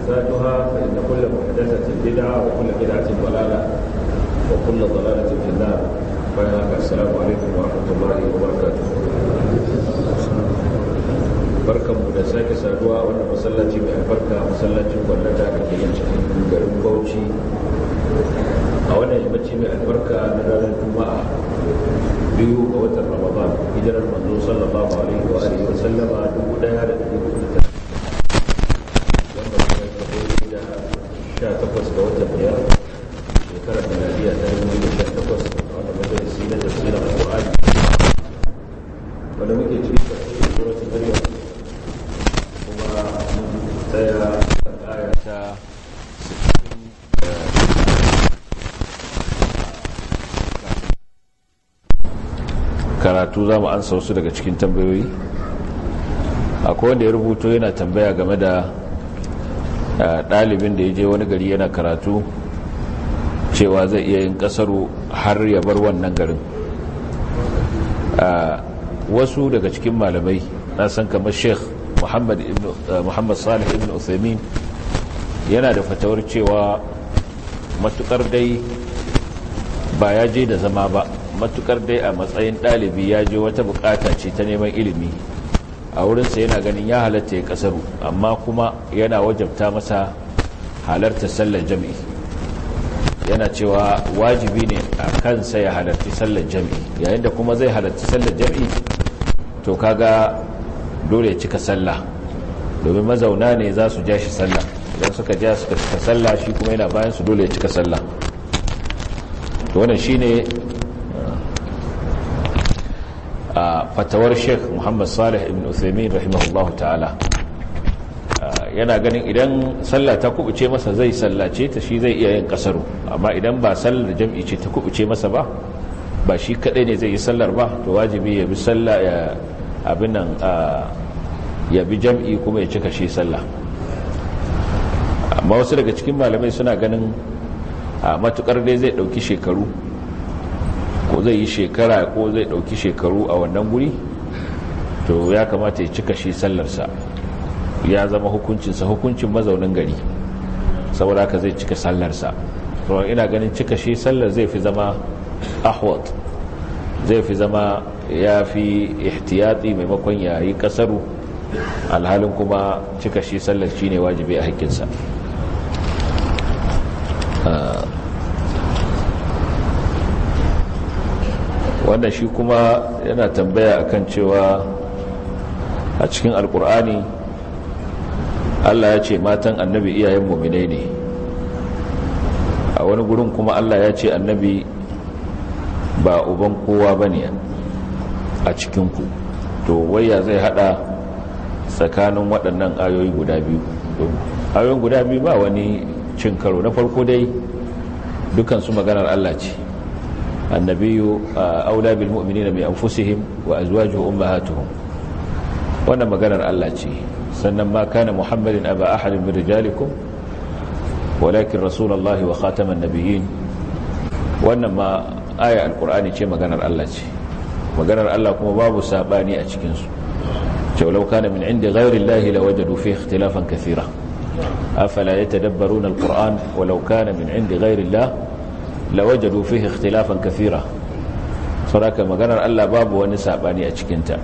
محدثاتها فإن كل محدثة بدعة وكل بدعة ضلالة وكل ضلالة في النار السلام عليكم ورحمة الله وبركاته barkan mu da sake saduwa wannan masallaci mai albarka masallacin gwamnati da ke garin bauchi a wannan yammaci mai albarka na ranar juma'a biyu ga watan ramadan hijirar manzo sallallahu alaihi wa alihi wa sallama karatu za mu ansa wasu daga cikin tambayoyi akwai ya rubuto yana tambaya game da eh, ɗalibin da ya je wani gari yana karatu cewa zai iya yin ƙasaru har ya bar wannan garin eh, wasu daga cikin malamai na san kamar sheikh muhammad eh, salih ibn uthaymin yana da fatawar cewa matukar dai ba ya je da zama ba matukar dai a matsayin ɗalibi ya je wata bukata ce ta neman ilimi a wurinsa yana ganin ya halatta ya kasar amma kuma yana wajabta masa halarta sallar jami'i yana cewa wajibi ne a kansa ya halarci sallar jami'i yayin da kuma zai halarci sallar jami'i to kaga dole ya cika sallah domin mazauna ne za su ja shi sallah idan suka ja suka cika sallah shi kuma yana bayan su dole ya cika sallah to wannan shine fatawar sheikh muhammad salih ibn uthaymin rahimahullahu ta'ala yana ganin idan sallah ta kubuce masa zai sallace ta shi zai iya yin kasaru amma idan ba sallar jam'i ce ta kubuce masa ba ba shi kadai ne zai yi sallar ba to wajibi ya bi sallah ya abin nan ya bi jam'i kuma ya cika shi sallah amma wasu daga cikin malamai suna ganin matukar dai zai dauki shekaru ko zai yi shekara ko zai ɗauki shekaru a wannan guri to ya kamata ya cika shi sallarsa ya zama hukuncinsa hukuncin mazaunin gari saboda haka zai cika sallarsa to ina ganin cika shi sallar zai fi zama ahwat zai fi zama ya fi ihtiyati maimakon ya yi kasaru alhalin kuma cika shi sallar shi ne wajibi a hakkinsa ah. wannan shi kuma yana tambaya akan cewa a cikin alkur'ani allah ya ce matan annabi iyayen muminai ne a wani gurin kuma allah ya ce annabi ba uban kowa ba ne a cikinku to waya zai hada tsakanin waɗannan ayoyi guda biyu ayoyin guda biyu ba wani cin karo na farko dai dukansu maganar allah ce annabi aula bil mai bi anfusihim wa azwajuhum ummahatuhum wannan maganar Allah ce sannan ma kana muhammadin aba ahadin min rijalikum walakin rasulullahi wa khataman nabiyyin wannan ma aya alqur'ani ce maganar Allah ce maganar Allah kuma babu sabani a cikin su ولو كان من عند غير الله لوجدوا فيه اختلافا كثيرا أفلا يتدبرون القرآن ولو كان من عند غير الله lawajadu fihi ikhtilafan kathira saraka maganar Allah babu wani sabani a cikin ta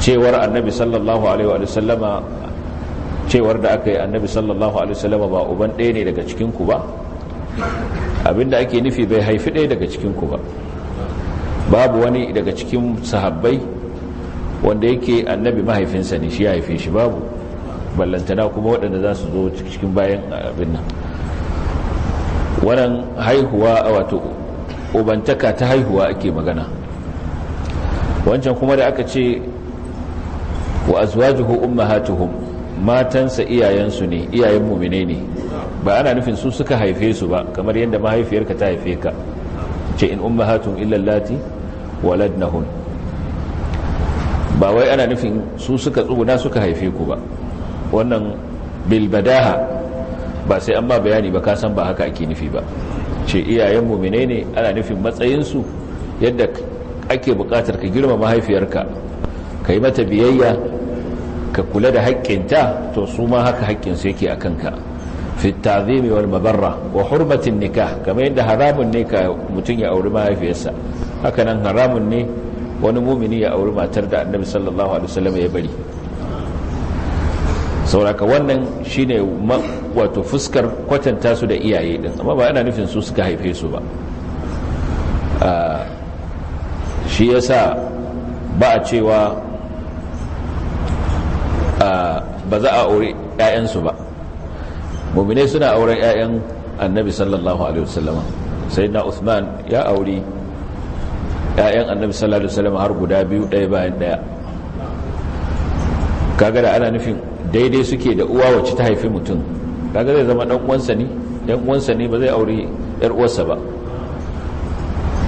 cewar annabi sallallahu alaihi wa sallama cewar da aka yi annabi sallallahu alaihi wa sallama ba uban ɗaya ne daga cikin ku ba abinda ake nufi bai haifi ɗaya daga cikin ku ba babu wani daga cikin sahabbai wanda yake annabi mahaifinsa ne shi ya haife shi babu ballantana kuma waɗanda za su zo cikin bayan abin nan wannan haihuwa a wato ubantaka ta haihuwa ake magana wancan kuma da aka ce wa azwajuhu ummahatuhum matansa iyayensu ne iyayen mumine ne ba ana nufin su suka haife su ba kamar yadda mahaifiyarka ta haife ka ce in ummahatun lati waladnahun ba wai ana nufin su suka tsuguna suka haife ku ba wannan bilbadaha ba sai an ba bayani ba ka san ba haka ake nufi ba ce iyayen muminai ne ana nufin matsayinsu yadda ake bukatar ka girma mahaifiyarka ka yi mata biyayya ka kula da haƙƙinta to su ma haka haƙƙinsu yake a kanka fitazimi wal mabarra wa hurmatin nikah kamar yadda haramun ne ka mutum ya auri mahaifiyarsa hakanan haramun ne wani mumini ya auri matar da annabi sallallahu alaihi wasallam ya bari sauraka wannan shine wato fuskar kwatanta su da iyaye din amma ba yana nufin su suka haife su ba ah, shi yasa ba a cewa ah, ba za a aure 'ya'yansu ba mummine suna auren 'ya'yan annabi sallallahu alaihi wasallam sai na usman ya auri 'ya'yan annabi sallallahu alaihi wasallam har guda biyu ɗaya bayan ɗaya kagada da ana nufin daidai suke da uwa wacce ta haifi mutum kaga zai zama dan uwansa ne dan ne ba zai aure yar uwarsa ba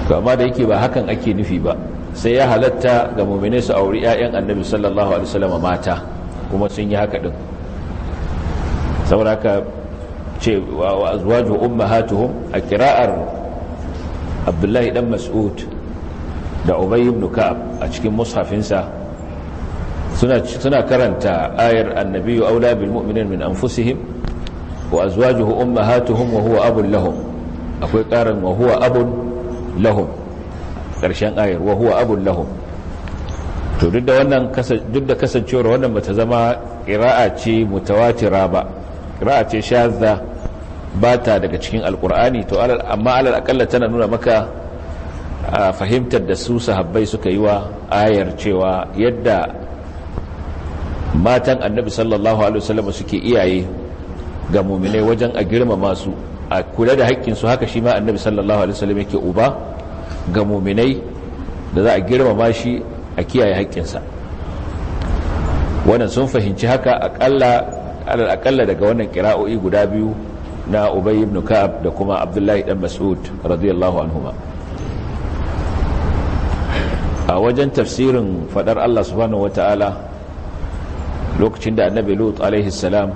kama da yake ba hakan ake nufi ba sai ya halatta ga mu'mine su auri ƴaƴan annabi sallallahu alaihi wasallam mata kuma sun yi haka din saboda haka ce wa azwaju ummahatuhum a kira'ar abdullahi dan mas'ud da ubay ibn ka'ab a cikin mushafinsa suna karanta ayar annabiyu aula bil mu'minin min anfusihim wa azwajuhu ummahatuhum wa huwa abun lahum akwai karin wa huwa abun lahum karshen ayar wa huwa abun lahum to duk da wannan duk da kasancewar wannan bata zama qira'a ce mutawatira ba qira'a ce shadda bata daga cikin alqur'ani to amma alal akalla tana nuna maka fahimtar da su sahabbai suka yi wa ayar cewa yadda matan annabi sallallahu alaihi wasallam suke iyaye ga mu'minai wajen a girmama su a kula da haƙƙin su haka shi ma annabi sallallahu alaihi wasallam yake uba ga mu'minai da za a girmama shi a kiyaye sa. wannan sun fahimci haka akalla daga wannan kira'o'i guda biyu na ubay ibn ka'ab da kuma abdullahi dan mas'ud radiyallahu anhuma a wajen tafsirin fadar Allah subhanahu wata'ala lokacin da annabi lut alaihi salam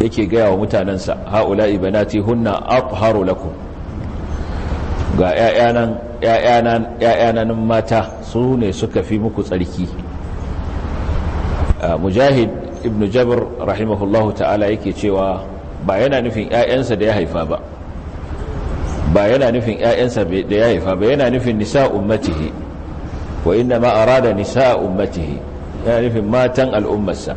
yake gaya wa mutanensa ha'ula'i banati hunna atharu lakum ga ƴaƴanan mata su ne suka fi muku tsarki ah, mujahid ibn jabir rahimahullahu ta'ala yake cewa ba yana nufin ‘ya'yansa da ya haifa ba ba yana nufin ‘ya'yansa da ya haifa ba yana nufin nisa ummatihi wa inna ma arada nisa ummatihi yana nufin matan al'ummarsa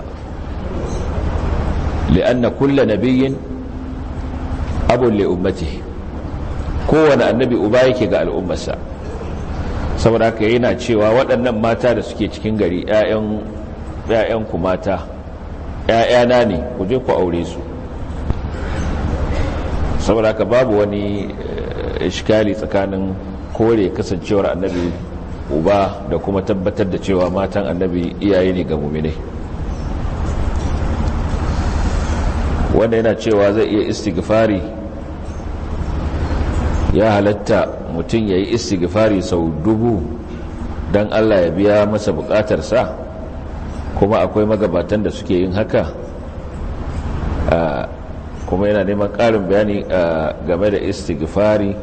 li'anna kulla nabiyyin abun li'ummati kowane annabi uba yake ga al'ummarsa saboda haka yana cewa waɗannan mata da suke cikin gari 'ya'yan ku mata 'ya'yana ne ku je ku aure su saboda haka babu wani ishkali tsakanin kore kasancewar annabi uba da kuma tabbatar da cewa matan annabi iyaye ne ga muminai wanda yana cewa zai iya istighfari ya halatta mutum ya yi istighfari sau dubu don allah ya biya masa bukatarsa kuma akwai magabatan da suke yin haka kuma yana neman ƙarin bayani game da istighfari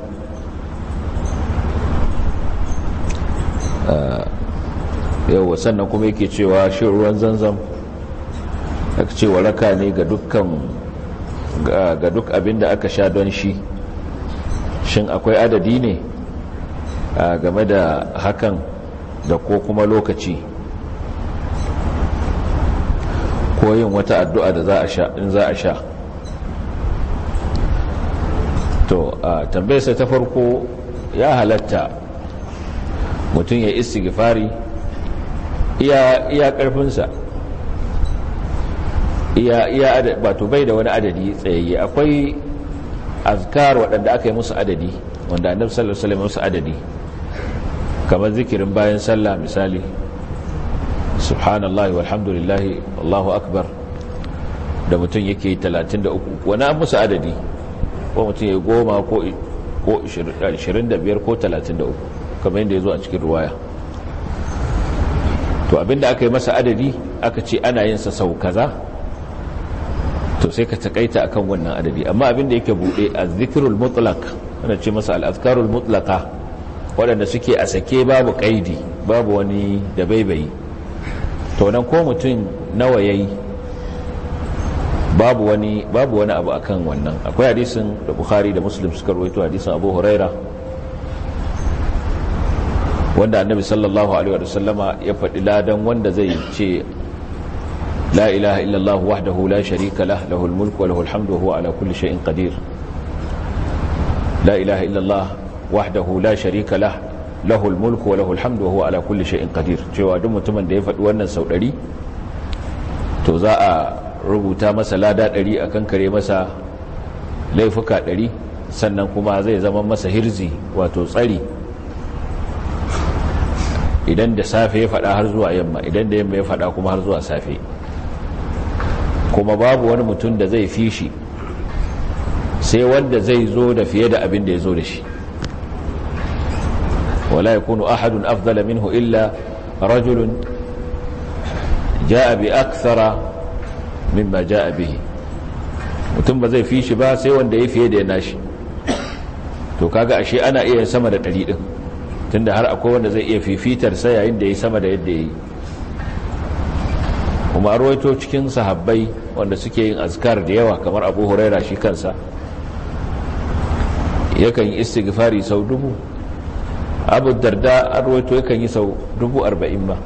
yau sannan kuma yake cewa shin ruwan zanzam aka ce waraka ne ga dukkan ga duk abin da aka sha don shi shin akwai adadi ne game da hakan da ko kuma lokaci ko yin wata addu'a da za a sha in za a sha to tambayarsa ta farko ya halatta mutum ya istighfari iya karfinsa iya ba to bai da wani adadi tsayayye akwai azkar waɗanda aka yi musu adadi wanda annabi sallallahu alaihi musu adadi kamar zikirin bayan sallah misali subhanallahi walhamdulillahi wallahu akbar da mutum yake 33 wani an musu adadi ko mutum ya goma ko 25 ko 33 kamar yadda ya zo a cikin ruwaya to abinda aka yi masa adadi aka ce ana yin sa sau kaza to sai ka takaita akan wannan adadi amma abinda yake bude azzikirul mutlak ana ce masa al'azkarul mutlaka waɗanda suke a sake babu kaidi babu wani da baibayi to nan ko mutum nawa yayi babu wani babu wani abu akan wannan akwai hadisin da bukhari da muslim suka rawaito hadisin abu huraira wanda annabi sallallahu alaihi wa sallama ya faɗi ladan wanda zai ce la ilaha illallah wahdahu la sharika lah lahul mulku wa lahul hamdu wa huwa ala kulli shay'in qadir la ilaha illallah wahdahu la sharika lah lahul mulku wa lahul hamdu wa huwa ala kulli shay'in qadir cewa duk mutumin da ya faɗi wannan sau 100 to za a rubuta masa lada 100 akan kare masa laifuka 100 sannan kuma zai zama masa hirzi wato tsari idan da safe ya faɗa har zuwa yamma idan da yamma ya faɗa kuma har zuwa safe kuma babu wani mutum da zai fi shi sai wanda zai zo da fiye da abin da ya zo da shi wala ya kunu ahadun afdala minhu illa rajulun ja'a bi min mimma ja'a bihi mutum ba zai fi shi ba sai wanda ya fiye da ya nashi to kaga ashe ana iya sama da ɗari ɗin tunda har akwai wanda zai iya fifitar sai yayin da ya sama da yadda ya yi kuma arwaito cikin sahabbai wanda suke yin azkar da yawa kamar abu huraira shi kansa yakan yi istighfari sau dubu abu darda arwaito yakan yi sau dubu arba'in ba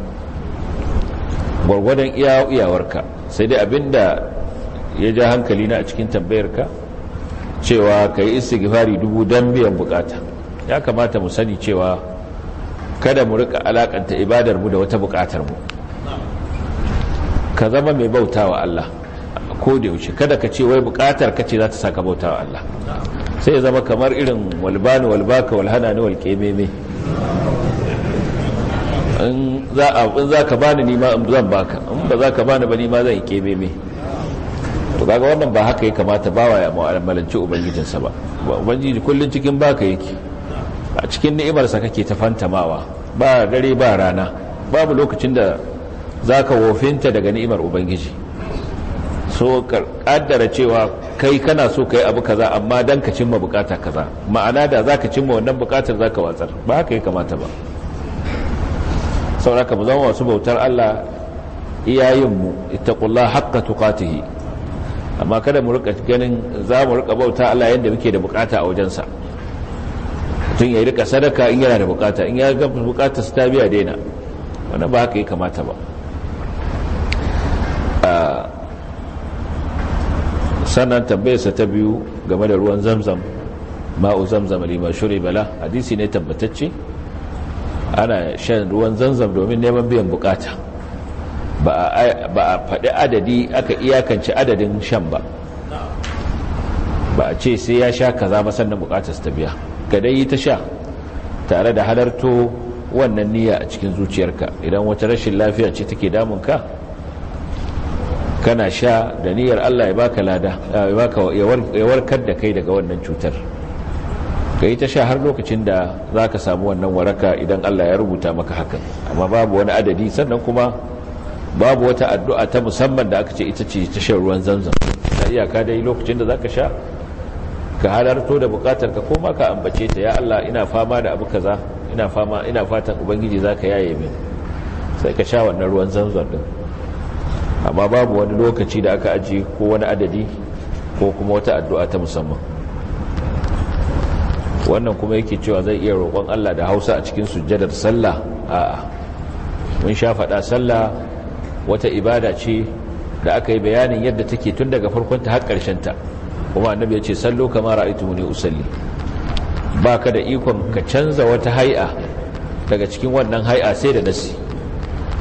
gwargwadon iyawarka sai dai abinda ya ja hankali na a cikin tambayarka cewa ka yi istighfari dubu don biyan bukata ya kamata mu sani cewa kada mu rika alakanta ibadar mu da wata bukatar mu ka zama mai bautawa Allah ko da yaushe kada ka ce wai bukatar ka ce za ta saka bautawa Allah sai ya zama kamar irin walbani walbaka walhana ne walkememe in za ka bani ni ma zan baka in ba za ka bani ba ni ma zan yi kememe to kaga wannan ba haka ya kamata wa ya mu'amalanci ubangijinsa ba ubangiji kullun cikin baka yake a cikin ni'imarsa kake ta fantamawa ba dare ba rana babu lokacin da za ka wofinta daga ni'imar ubangiji so kaddara cewa kai kana so ka yi abu kaza amma dan ka cimma bukata kaza ma'ana da za ka cimma wannan bukatar za ka watsar ba haka ya kamata ba sauraka mu zama wasu bautar allah iyayenmu ittaqullah haqqa tuqatihi amma kada mu rika ganin za mu rika bauta allah yadda muke da bukata a wajensa mutum ya rika sadaka in yana da bukata in ya ga bukatar su ta biya daina wani ba haka ya kamata ba ah, sannan tambayarsa ta biyu game da ruwan zamzam ma'u zamzam lima shuri bala hadisi ne tabbatacce ana shan ruwan zamzam domin neman biyan bukata ba a faɗi adadi aka iyakance adadin shan ba ba a ce sai ya sha kaza ba sannan bukatar su ta biya ka dai yi ta sha tare da halarto wannan niyya a cikin zuciyarka idan wata rashin lafiya ce take ka kana sha da niyyar Allah ya baka lada ya warkar da kai daga wannan cutar ka yi ta sha har lokacin da za ka samu wannan waraka idan Allah ya rubuta maka hakan amma babu wani adadi sannan kuma babu wata addu'a ta musamman da aka ce ita ce ta shan ruwan zamzam ta iyaka dai lokacin da za ka sha ka halarto da bukatar ka koma ka ambace ta ya Allah ina fama da abu kaza ina fama ina fatan ubangiji zaka yaye min sai ka sha wannan ruwan zanzan din amma babu wani lokaci da aka aji ko wani adadi ko kuma wata addu'a ta musamman wannan kuma yake cewa zai iya roƙon Allah da Hausa a cikin sujjadar sallah a'a mun sha faɗa sallah wata ibada ce da aka yi bayanin yadda take tun daga farkon ta har ƙarshen ta kuma annabi ya ce sallo kama ra'aytumuni usalli baka da ikon ka canza wata haia daga cikin wannan haia sai da nassi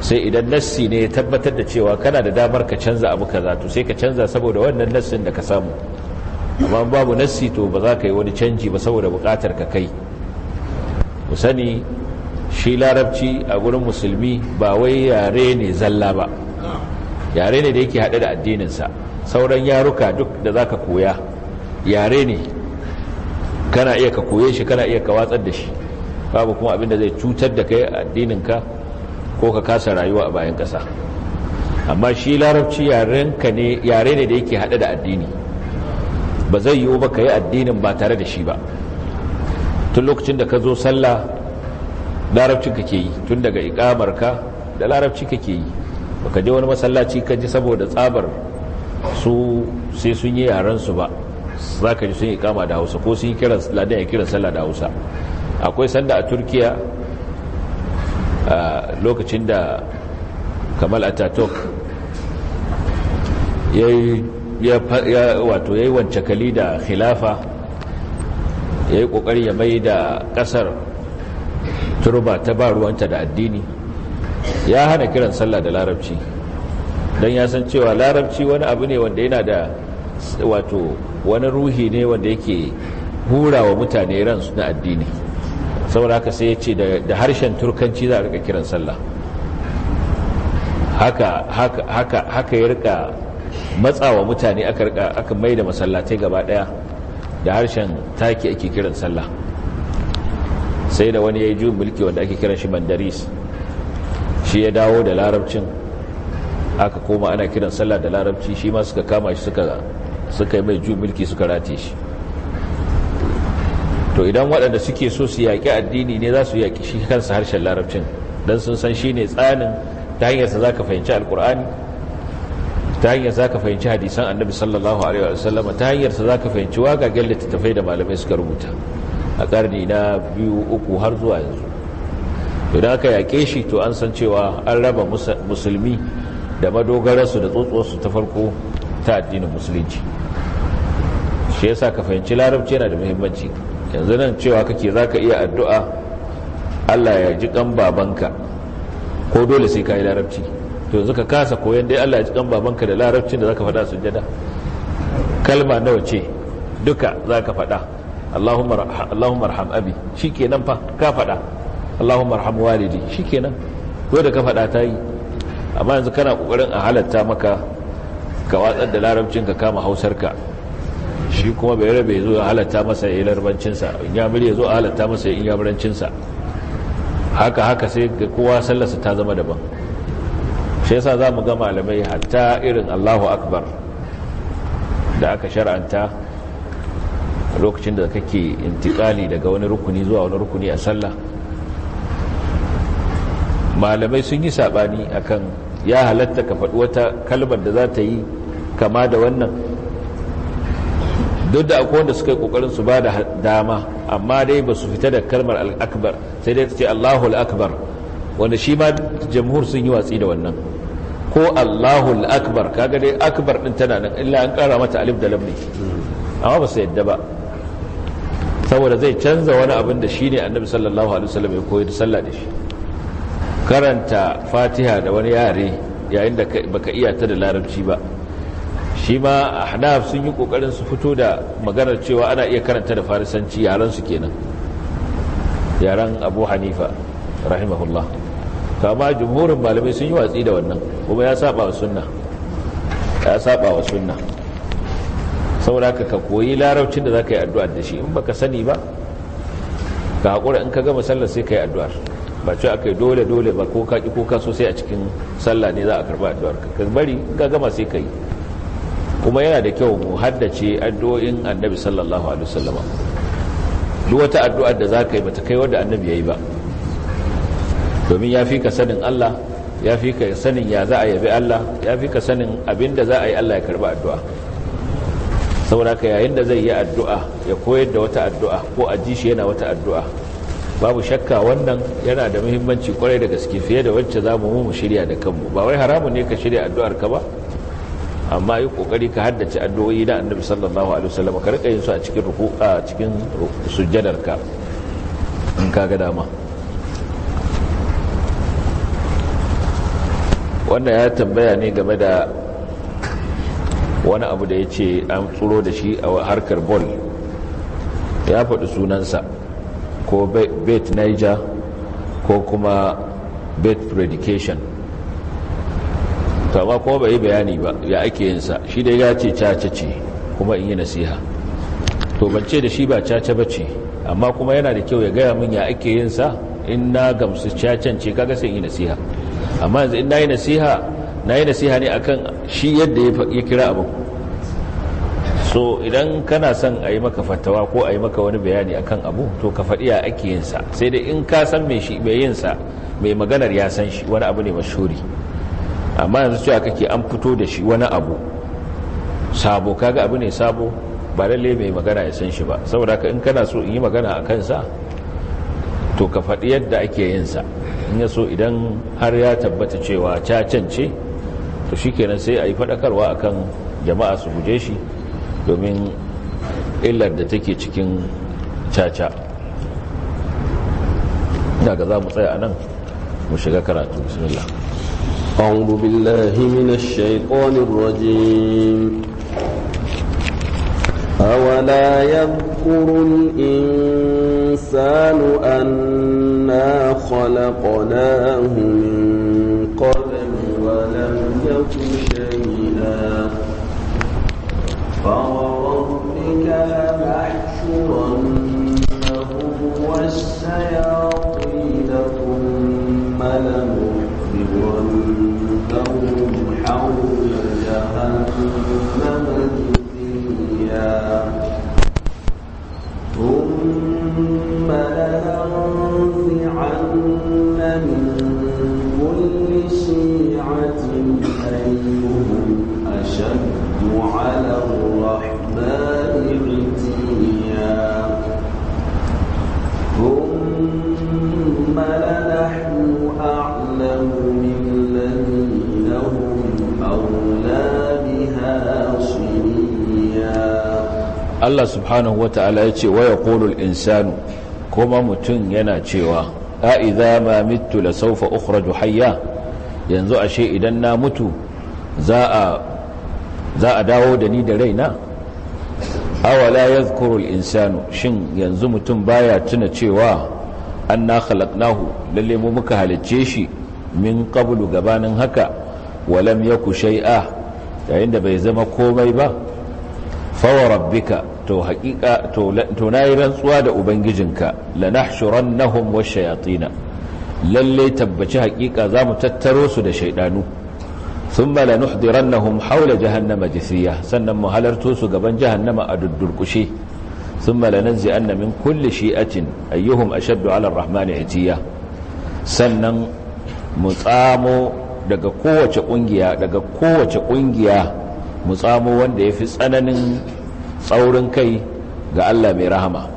sai idan nassi ne ya tabbatar da cewa kana da damar ka canza abu ka zato sai ka canza saboda wannan nassin da ka samu amma babu nassi to ba za ka yi wani canji ba saboda bukatar ka kai ku sani shi larabci a gurin musulmi ba wai yare ne zalla ba yare ne da yake haɗe da addininsa sauran yaruka duk da za ka koya yare ne kana iya ka koye shi kana iya ka watsar da shi babu kuma abinda zai cutar da kai addininka ko ka kasa rayuwa a bayan ƙasa amma shi larabci yare ne da yake haɗe da addini ba zai yiwu ba ka yi addinin ba tare da shi ba tun lokacin da ka zo sallah larabcinka ke yi tun daga ikamarka da larabci ke yi baka je wani masallaci ka ji saboda tsabar su sai sun yi yaran su ba za ka ji sun yi kama da hausa ko sun yi kiran ladan ya kiran sallah da hausa akwai sanda a turkiya a lokacin da kamal atatok ya yi wance da khilafa ya yi kokari ya mai da kasar turba ta ba ruwanta da addini ya hana kiran sallah da larabci don ya san cewa larabci wani abu ne wanda yana da wato wani ruhi ne wanda yake hura wa mutane ransu na addini saboda haka sai ya ce da harshen turkanci za a rika kiran sallah haka ya rika matsawa mutane aka rika aka mai da masallatai gaba daya da harshen taki ake kiran sallah sai da wani ya yi juyin mulki wanda ake kiran shi mandaris shi ya dawo da larabcin aka koma ana kiran sallah da larabci shi ma suka kama shi suka yi mai ju milki suka rate shi to idan waɗanda suke so su yaƙi addini ne za su yaƙi shi kansa harshen larabcin don sun san shi ne tsanin ta hanyar sa za ka fahimci alkur'ani ta hanyar za ka fahimci hadisan annabi sallallahu alaihi wa sallama ta hanyar sa za ka fahimci gallata littattafai da malamai suka rubuta a ƙarni na biyu uku har zuwa yanzu to da aka yaƙe shi to an san cewa an raba musulmi da madogararsu da tsotsuwarsu ta farko ta addinin musulunci shi yasa ka fahimci larabci yana da muhimmanci yanzu nan cewa kake za ka iya addu'a allah ya ji kan babanka ko dole sai ka yi larabci to yanzu ka kasa koyon dai allah ya ji kan babanka da larabcin da za ka faɗa sujada kalma nawa ce duka za ka faɗa allahumma arham abi shi kenan fa ka faɗa Allahun arham walidi shi kenan da ka faɗa ta yi amma yanzu kana ƙoƙarin a halatta maka ka watsar da larabcin ka kama hausar ka shi kuma bai rabe zo a halatta masa ya yi larabancinsa in ya murya zo a halatta masa ya in ya haka haka sai ga kowa sallarsa ta zama daban shi yasa mu ga malamai hatta irin Allahu akbar da aka shar'anta lokacin da kake intikali daga wani rukuni zuwa wani rukuni a sallah malamai sun yi sabani akan ya halatta ka faɗi wata kalmar da za ta yi kama da wannan duk da akwai wanda suka yi kokarin su ba da dama amma dai ba su fita da kalmar al'akbar sai dai ta ce allahu al'akbar wanda shi ma jamhur sun yi watsi da wannan ko allahu al'akbar kaga dai akbar din tana nan illa an kara mata alif da lam ne amma ba su yadda ba saboda zai canza wani abin da shi ne annabi sallallahu alaihi wasallam ya koyar da sallah da shi karanta fatiha da wani yare yayin da baka iya ta da larabci ba shi ma ahnaf sun yi kokarin su fito da maganar cewa ana iya karanta da farisanci yaran su kenan yaran abu hanifa rahimahullah amma jumhurin malamai sun yi watsi da wannan kuma ya saba wa sunna ya saba wa sunna saboda ka ka koyi larabcin da za ka yi addu'ar da shi in baka sani ba ka haƙura in ka gama sallar sai ka yi addu'ar ba ce aka yi dole dole ba ko ka ki ko ka so a cikin sallah ne za a karba addu'ar ka ka bari ka gama sai ka yi kuma yana da kyau mu haddace addu'o'in annabi sallallahu alaihi wasallam duk wata addu'ar da za ka yi bata kai wadda annabi ya yi ba domin ya fi ka sanin Allah ya fi ka sanin ya za a yabi Allah ya fi ka sanin abin za a yi Allah ya karba addu'a saboda ka yayin da zai yi addu'a ya koyar da wata addu'a ko a ji shi yana wata addu'a babu shakka wannan yana da muhimmanci kwarai da gaske fiye da wacce za mu mu shirya da kanmu ba wai haramun ne ka shirya addu'ar ka ba amma yi kokari ka haddace addu'o'i na annabi sallallahu alaihi wasallam ka rika yin su a cikin ruku a cikin sujjadar ka in ka ga dama wannan ya tambaya ne game da wani abu da ya ce an tsoro da shi a harkar bol ya faɗi sunansa ko bet niger ko kuma bet predication tawa ko bai bayani ba ya ake sa shi dai ya ce caca ce kuma in yi nasiha to bance da shi ba caca ba ce amma kuma yana da kyau ya gaya min ya ake sa in na gamsu cacan ce kaga sai in yi nasiha amma yanzu in na yi nasiha na yi nasiha ne akan shi yadda ya kira abin so idan kana son a yi maka fatawa ko a yi maka wani bayani akan abu to ka faɗi ya ake yinsa sai dai in ka san mai shi mai yinsa mai maganar ya san shi wani abu ne mashuri amma yanzu cewa kake an fito da shi wani abu sabo kaga abu ne sabo ba lalle mai magana ya san shi ba saboda ka in kana so in yi magana a kansa to ka faɗi yadda ake yinsa in ya so idan har ya tabbata cewa cacance to shikenan sai a yi faɗakarwa akan jama'a su guje shi domin illar da take cikin caca daga za mu tsaya nan mu shiga karatu bismillah أعوذ بالله من الشيطان الرجيم أولا يذكر الإنسان أنا خلقناه من قبل ولم يك شيئا فوربك لنحشرنهم والسياطين ثم لنحضرنهم حول جهنم جثيا ثم لننزعن من كل شيعة أيهم أشد Allah subhanahu wa ta’ala ya ce waya ƙolul insanu kuma mutum yana cewa ƙa’iza ma mitu la saufa ukhraju hayya yanzu ashe idan na mutu za a za a dawo da ni da raina awala yadhkuru al-insanu shin yanzu mutum baya tuna cewa anna khalaqnahu lalle mu muka halicce shi min qablu gabanin haka walam yaku shay'a yayin da bai zama komai ba fa rabbika to haqiqa to na nayi rantsuwa da ubangijinka lanahshurannahum wash shayatina. lalle tabbaci za zamu tattaro su da shaidanu. na lanuhdirannahum haula jahannama jisiya sannan mu halarto su gaban jahannama a duddurkushe nan lananzi'anna min kulli shi'atin ayyuhum a 'ala ar-rahmani 'itiya sannan mu tsamo daga kowace kungiya daga kowace ƙungiya mu tsamo wanda yafi tsananin tsaurin kai ga Allah mai rahama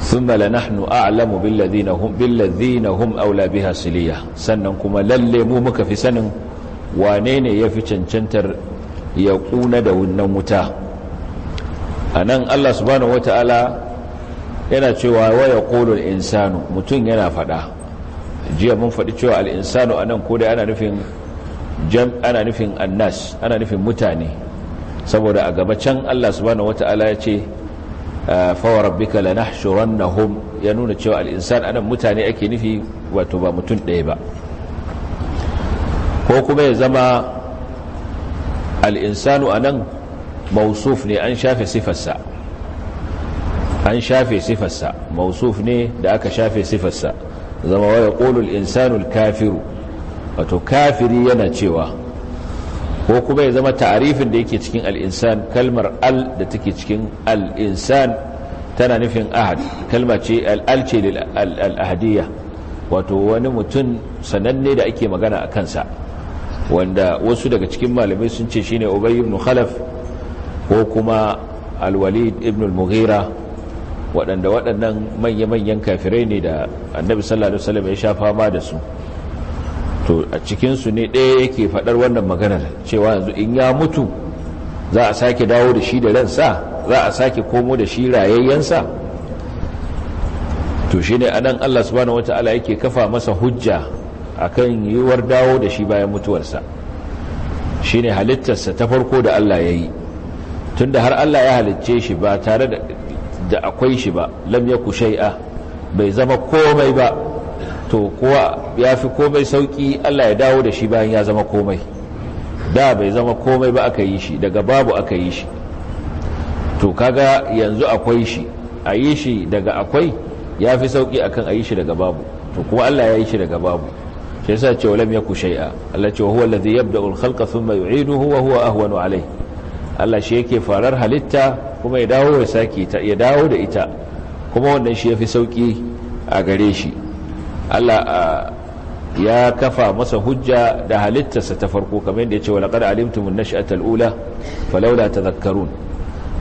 thumma lanahnu a'lamu billadhina hum billadhina hum awla biha siliya sannan kuma lallai mu muka fi sanin wane ne ya fi cancantar ya kuna da wannan wuta a nan allah subhanahu ta'ala yana cewa waya ƙolul insanu mutum yana faɗa jiya mun faɗi cewa al'insanu a nan kodai ana nufin jam ana nufin annas ana nufin mutane saboda a gaba can allah subhanahu ta'ala ya ce ah, fawa rabbika lanahshurannahum ya nuna cewa al'insan anan mutane ake nufi wato ba mutum ɗaya ba ko kuma ya zama al'insanu a nan mausuf ne an shafe sifarsa an shafe sifarsa mausuf ne da aka shafe sifarsa zama waya ƙolul insanul kafiru wato kafiri yana cewa ko kuma ya zama ta'arifin da yake cikin al'insan kalmar al da take cikin al'insan tana nufin ahad kalma ce al'al ce al'ahadiyya wato wani mutum sananne da ake magana a kansa wanda wasu daga cikin malamai sun ce shine ubay ibn khalaf ko kuma alwalid walid ibn al-mughira waɗanda waɗannan manya-manyan kafirai ne da annabi sallallahu alaihi wasallam ya sha fama da su to a cikinsu ne ɗaya yake faɗar wannan maganar cewa yanzu in ya mutu za a sake dawo da shi da ransa za a sake komo da shi rayayyensa to shi anan allah subhanahu wata'ala yake kafa masa hujja akan yiwuwar dawo da shi bayan mutuwarsa shine halittarsa ta farko da Allah ya yi tunda har Allah ya halicce shi ba tare da akwai shi ba lam ku shai'a bai zama komai ba to kuwa ya fi komai sauki Allah ya dawo da shi bayan ya zama komai da bai zama komai ba aka yi shi daga babu aka yi shi to kaga yanzu akwai shi a yi shi daga akwai ya fi sauki akan a yi shi daga babu to kuma Allah ya yi shi daga babu shi yasa ce walam yaku shay'a Allah ce huwa alladhi yabda'u al-khalqa thumma yu'iduhu wa huwa ahwanu alayh Allah shi yake farar halitta kuma ya dawo ya saki ta ya dawo da ita kuma wannan shi yafi sauki a gare shi Allah ya kafa masa hujja da halittarsa ta farko kamar yadda ya ce walaqad alimtumun nash'ata al-ula falawla tadhakkarun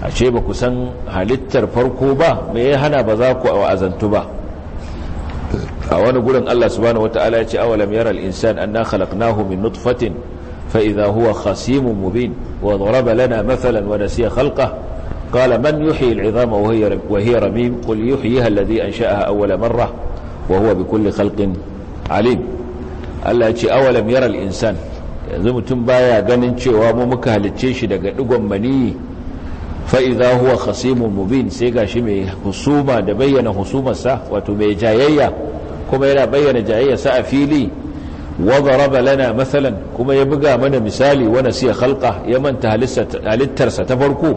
ashe ba ku san halittar farko ba me ya hana ba za ku wa'azantu ba a wani gurin Allah subhanahu wata'ala ya ce awalam yara al-insan anna khalaqnahu min nutfatin fa idha huwa khasimun mubin wa daraba lana mathalan wa nasiya khalqah qala man yuhyi al-'idhama wa hiya wa hiya ramim qul yuhyiha alladhi ansha'aha awwala marra wa huwa bikulli khalqin alim Allah ya ce awalam yara al yanzu mutum baya ganin cewa mu muka halicce shi daga digon maniyi fa'iza huwa khasimun mubin sai gashi mai husuma da bayyana husumarsa wato mai jayayya kuma yana bayyana jayayyarsa a fili wa daraba lana masalan kuma ya buga mana misali wa nasiya khalqa ya manta halittarsa ta farko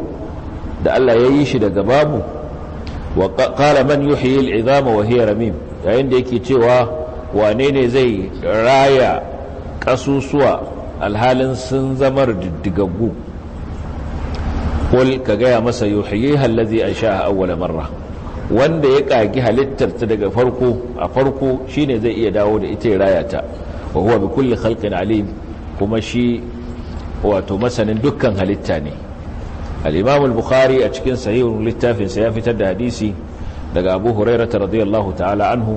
da Allah ya yi shi daga babu wa qala man yuhyi al-'idama wa hiya ramim yayin da yake cewa wane ne zai raya kasusuwa alhalin sun zama diddigaggu qul ka gaya masa yuhyiha allazi a awwala marra wanda ya kagi halittarta daga farko a farko shine zai iya dawo da ita ya raya ta wa huwa bi kulli khalqin alim kuma shi wato masanin dukkan halitta ne al-imam al-bukhari a cikin sahihun littafin sa ya fitar da hadisi daga abu hurairah radiyallahu ta'ala anhu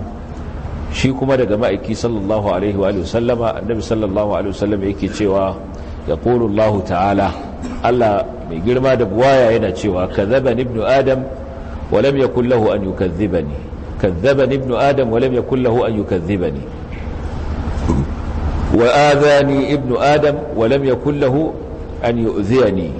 shi kuma daga ma'aiki sallallahu alaihi wa sallama annabi sallallahu alaihi wa yake cewa yaqulu Allah ta'ala Allah mai girma da buwaya yana cewa kadhaba ibnu adam ولم يكن له أن يكذبني كذبني ابن آدم ولم يكن له أن يكذبني وآذاني ابن آدم ولم يكن له أن يؤذيني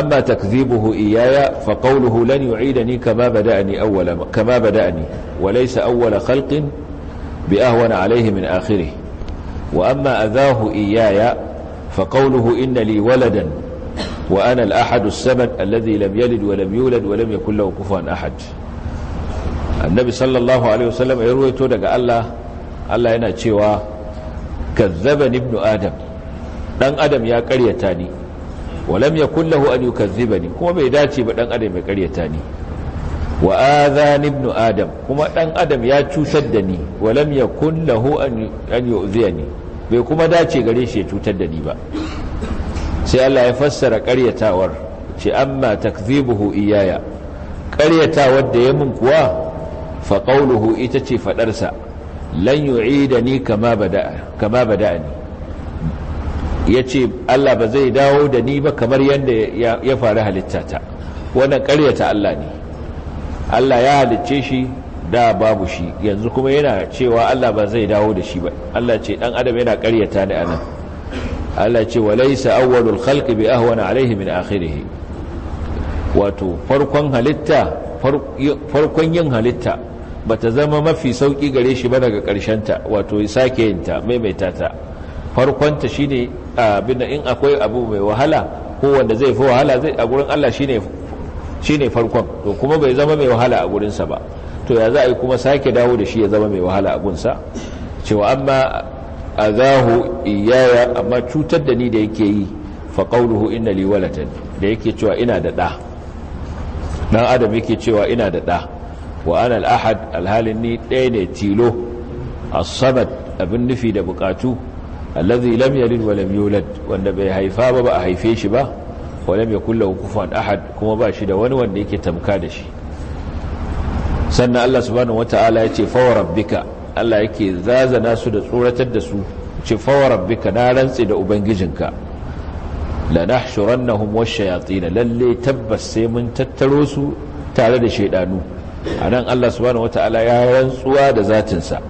أما تكذيبه إياي فقوله لن يعيدني كما بدأني أول كما بدأني وليس أول خلق بأهون عليه من آخره وأما أذاه إياي فقوله إن لي ولدا wa ana al-ahad as-samad alladhi lam wa lam yulad wa lam yakul ahad annabi sallallahu alaihi wasallam ya ruwaito daga Allah Allah yana cewa kazzabani ibnu adam dan adam ya karyata ni wa lam yakul lahu an yukazzibani kuma bai dace ba dan adam ya karyata ni wa adhan ibnu adam kuma dan adam ya cutar da ni wa bai kuma dace gare shi ya cutar da ni ba sai Allah ya fassara ƙaryatawar ce amma takzibuhu iyaya ƙaryatawar da ya mun kuwa fa ita ce faɗarsa lan yu'idani kama bada'a kama bada'ani yace Allah ba zai dawo da ni ba kamar yadda ya faru halittata wannan ƙaryata Allah ne Allah ya halicce shi da babu shi yanzu kuma yana cewa Allah ba zai dawo da shi ba Allah ce dan adam yana ƙaryata ni anan Allah ce walaysa awwalul khalqi bi ahwana alayhi min akhirih wato farkon halitta farkon yin halitta bata zama mafi sauki gare shi ba daga karshen ta wato sake yin ta maimaita ta farkon ta shine abinda in akwai abu mai wahala ko wanda zai fi wahala zai a gurin Allah shine shine farkon to kuma bai zama mai wahala a gurin sa ba to ya za a yi kuma sake dawo da shi ya zama mai wahala a gunsa cewa amma azahu iyaya amma cutar da ni da yake yi fa qawluhu inna da yake cewa ina da ɗa dan adam yake cewa ina da ɗa wa ahad alhalin ni ɗaya ne tilo a samad abin nufi da bukatu allazi lam yalid wa lam yulad wanda bai haifa ba ba a haife shi ba wa lam yakul lahu kufuwan ahad kuma ba shi da wani wanda yake tamka da shi sannan Allah subhanahu wataala ya ce fa rabbika Allah yake zazana su da tsoratar da su ci fawar ka na rantse da ubangijinka la nahshurannahum wash-shayatin lalle tabbas sai mun tattaro su tare da a anan Allah subhanahu wataala ya rantsuwa da zatinsa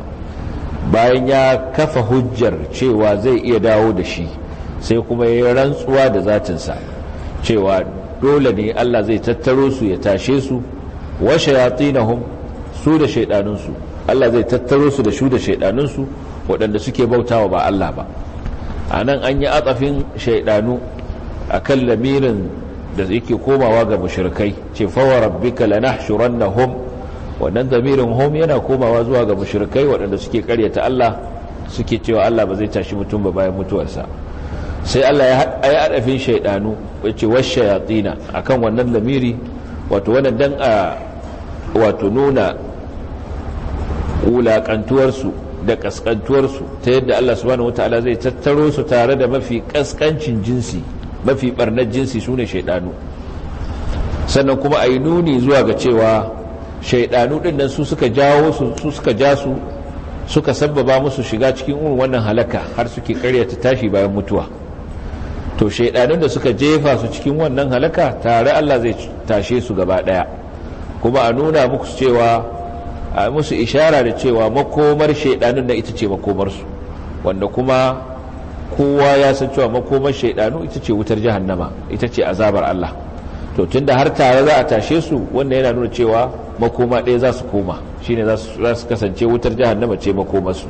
bayan ya kafa hujjar cewa zai iya dawo da shi sai kuma ya rantsuwa da zatinsa cewa dole ne Allah zai tattaro su ya tashe su wa su da shaidanunsu Allah zai tattaro su da shu da shaidanunsu waɗanda suke bautawa ba Allah ba a nan an yi atsafin shaidanu a kan lamirin da yake komawa ga mushrikai ce fawa rabbika lanahshurannahum wannan zamirin hom yana komawa zuwa ga mushrikai waɗanda suke karyata Allah suke cewa Allah ba zai tashi mutum ba bayan mutuwarsa sai Allah ya yi atsafin shaidanu wace yatsina akan wannan lamiri wato wannan dan a wato nuna wulaƙantuwarsu da ƙasƙantuwarsu ta yadda Allah subhanahu wata'ala zai tattaro su tare da mafi ƙasƙancin jinsi mafi ɓarnar jinsi su ne shaiɗanu sannan kuma a yi nuni zuwa ga cewa shaiɗanu ɗin nan su suka jawo su suka ja su suka sabbaba musu shiga cikin irin wannan halaka har suke karyata tashi bayan mutuwa to shaidanun da suka jefa su cikin wannan halaka tare Allah zai tashe su gaba ɗaya kuma a nuna muku cewa a musu ishara da cewa makomar shaidanun na ita ce makomarsu wanda kuma kowa ya san cewa makomar shaidanu ita ce wutar jahannama ita ce azabar Allah to tunda har tare za a tashe su wanda yana nuna cewa makoma ɗaya za su koma shine za su kasance wutar jahannama ce makomarsu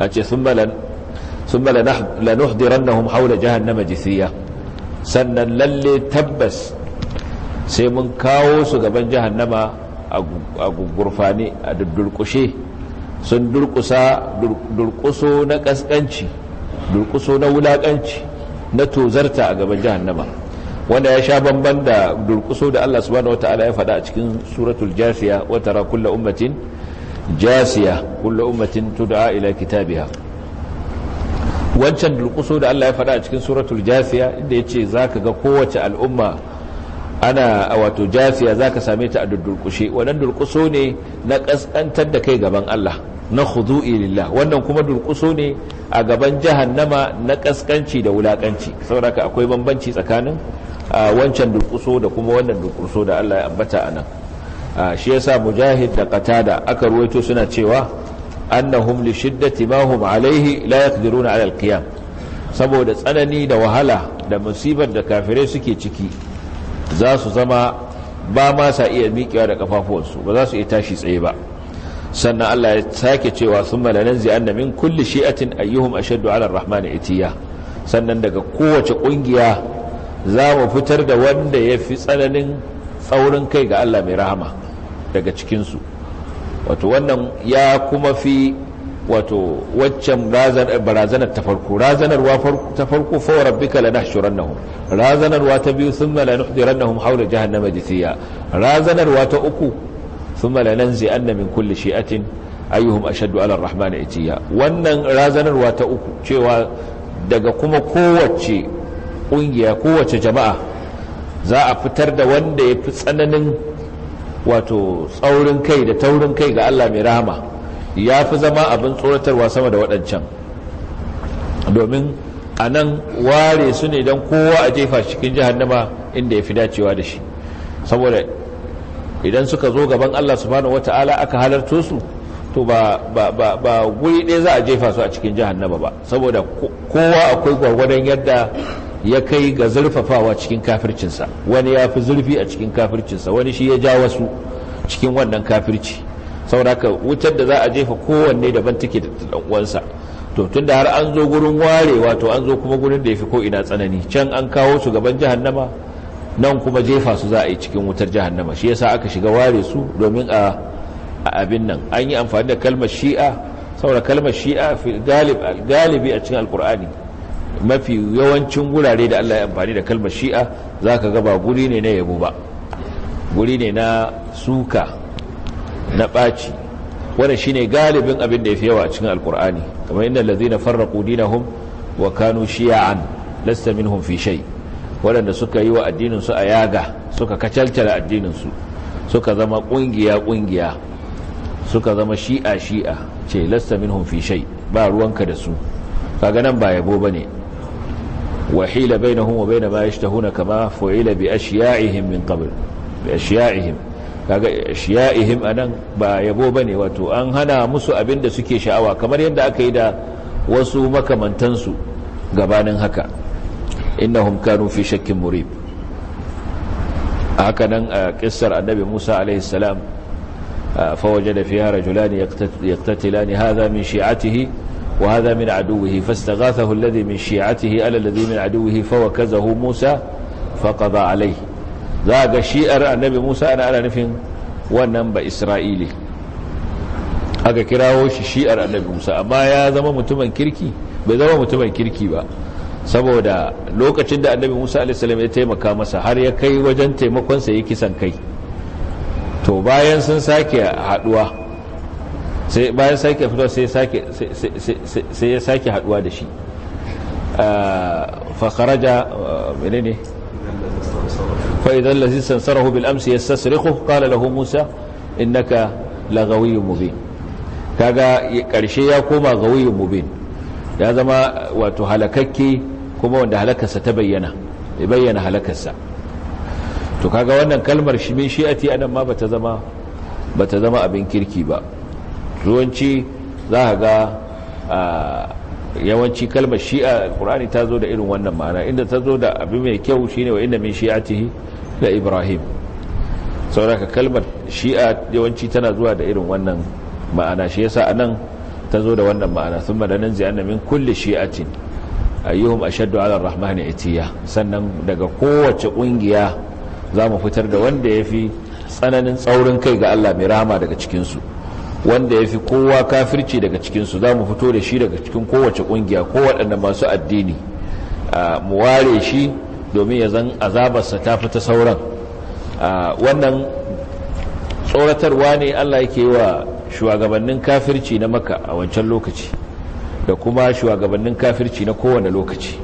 a ce sun bala ah, lanuhdirannahum haula jahannama jisiya sannan lalle tabbas sai mun kawo su gaban jahannama a gurfane a durkushe sun durkusa durkuso na kaskanci durkuso na wulakanci na tozarta a gaban jahannama wanda ya sha bamban da durkuso da Allah subhanahu ta'ala ya faɗa a cikin suratul jasiya wa tara kullu ummatin jasiya kullu ummatin tud'a ila kitabiha wancan durkuso da Allah ya faɗa a cikin suratul jasiya inda yace zaka ga kowace al'umma ana a wato jafiya za ka same ta a durkushe wannan durkuso ne na ƙasƙantar da kai gaban Allah na khudu'i lillah wannan kuma durkuso ne a gaban jahannama na ƙasƙanci da wulaƙanci saboda akwai bambanci tsakanin wancan durkuso da kuma wannan durkuso da Allah ya ambata a nan shi yasa mujahid da qatada aka ruwaito suna cewa annahum li shiddati ma hum alaihi la yaqdiruna ala al saboda tsanani da wahala da musibar da kafirai suke ciki za su zama ba ma sa iya miƙewa da ƙafafuwansu ba za su iya tashi tsaye ba sannan Allah ya sake cewa sun malanan zi'anna min kulli shi'atin ayyuhum ashaddu ala rahmani itiya sannan daga kowace ƙungiya za mu fitar da wanda ya fi tsananin tsaurin kai ga Allah mai rahama daga cikinsu wato wannan ya kuma fi wato waccan barazanar ta farko razanarwa ta farko fa rabbika lanahshurannahum razanarwa ta biyu thumma lanuhdirannahum hawla jahannama jithiya razanarwa ta uku thumma lananzi anna min kulli shi'atin ayyuhum ashaddu ala arrahmani itiya wannan razanarwa ta uku cewa daga kuma kowace kungiya kowace jama'a za a fitar da wanda yafi tsananin wato tsaurin kai da taurin kai ga Allah mai rahama ya fi zama abin tsoratarwa sama da waɗancan domin a nan ware su ne don kowa a jefa cikin jahannama inda ya fi dacewa da shi saboda idan suka zo gaban allah subhanahu wata'ala aka halarto su to ba guri ɗaya za a jefa su a cikin jahannama ba saboda kowa akwai gwagwadon yadda ya kai ga zurfafawa cikin kafircinsa wani ya fi zurfi a cikin kafircinsa wani shi ya ja wasu cikin wannan kafirci saboda wutar da za a jefa kowanne daban take da dan uwansa to da har an zo gurin warewa to an zo kuma gurin da yafi ko ina tsanani can an kawo su gaban jahannama nan kuma jefa su za a yi cikin wutar jahannama shi yasa aka shiga ware su domin a abin nan an yi amfani da kalmar shi'a saboda kalmar shi'a fi galibi a cikin alkur'ani mafi yawancin gurare da Allah ya amfani da kalmar shi'a zaka ga ba guri ne na yabo ba guri ne na suka na ɓaci wannan shine galibin abin da yafi yawa a cikin alkur'ani kamar inda allazina farraku dinahum wa kanu shiya'an lasta minhum fi shay waɗanda suka yi wa addinin su a yaga suka kacalcala addinin su suka zama ƙungiya ƙungiya suka zama shi'a shi'a ce lasta minhum fi ba ruwanka da su kaga nan ba yabo bane وحيل بينهم وبين kama يشتهون كما فعل بأشياعهم من قبل بأشياعهم kaga shiya'ihim anan ba yabo bane wato an hana musu abin da suke sha'awa kamar yadda aka yi da wasu makamantansu gabanin haka innahum kanu fi shakkin murib haka nan a kissar annabi Musa alaihi salam fa wajada fiha rajulani yaqtatilani hadha min shi'atihi wa hadha min aduwwihi fastaghathahu alladhi min shi'atihi ala alladhi min aduwwihi fawakazahu Musa faqada alayhi za a ga shi'ar annabi musa ana ana nufin wannan ba isra'ili aka kirawo shi shi'ar annabi musa amma ya zama mutumin kirki bai zama mutumin kirki ba saboda lokacin da annabi musa alisalam ya taimaka masa har ya kai wajen taimakonsa ya kisan kai to bayan sun sake haduwa sai bayan sake fito sai ya sake haduwa da shi ah, fakaraja ah, menene ne فإذا الذي استنصره بالأمس يستصرخه قال له موسى إنك لغوي مبين kaga ƙarshe ya koma ga wuyin mubin ya zama wato halakakke kuma wanda halakarsa ta bayyana ya bayyana halakarsa to kaga wannan kalmar shi min shi'ati anan ma bata zama bata zama abin kirki ba ruwanci za ka ga yawanci kalmar shi'a alqur'ani ta zo da irin wannan ma'ana inda ta zo da abin mai kyau shine wa inna min shi'atihi da ibrahim sauraka kalmar shi'a yawanci tana zuwa da irin wannan ma'ana shi yasa anan ta zo da wannan ma'ana sun kulle ziyanna min a shi'atin ayyuhum ashaddu ala rahmani itiya sannan daga kowace kungiya za mu fitar da wanda ya fi tsananin tsaurin kai ga Allah mai rama daga cikinsu wanda ya fi kowa kafirci daga cikinsu za mu fito da shi daga cikin kowace kungiya ko waɗanda masu addini mu ware shi domin ya zan azabarsa ta fi ta sauran wannan tsoratarwa ne allah yake wa shugabannin kafirci na maka a wancan lokaci da kuma shugabannin kafirci na kowane lokaci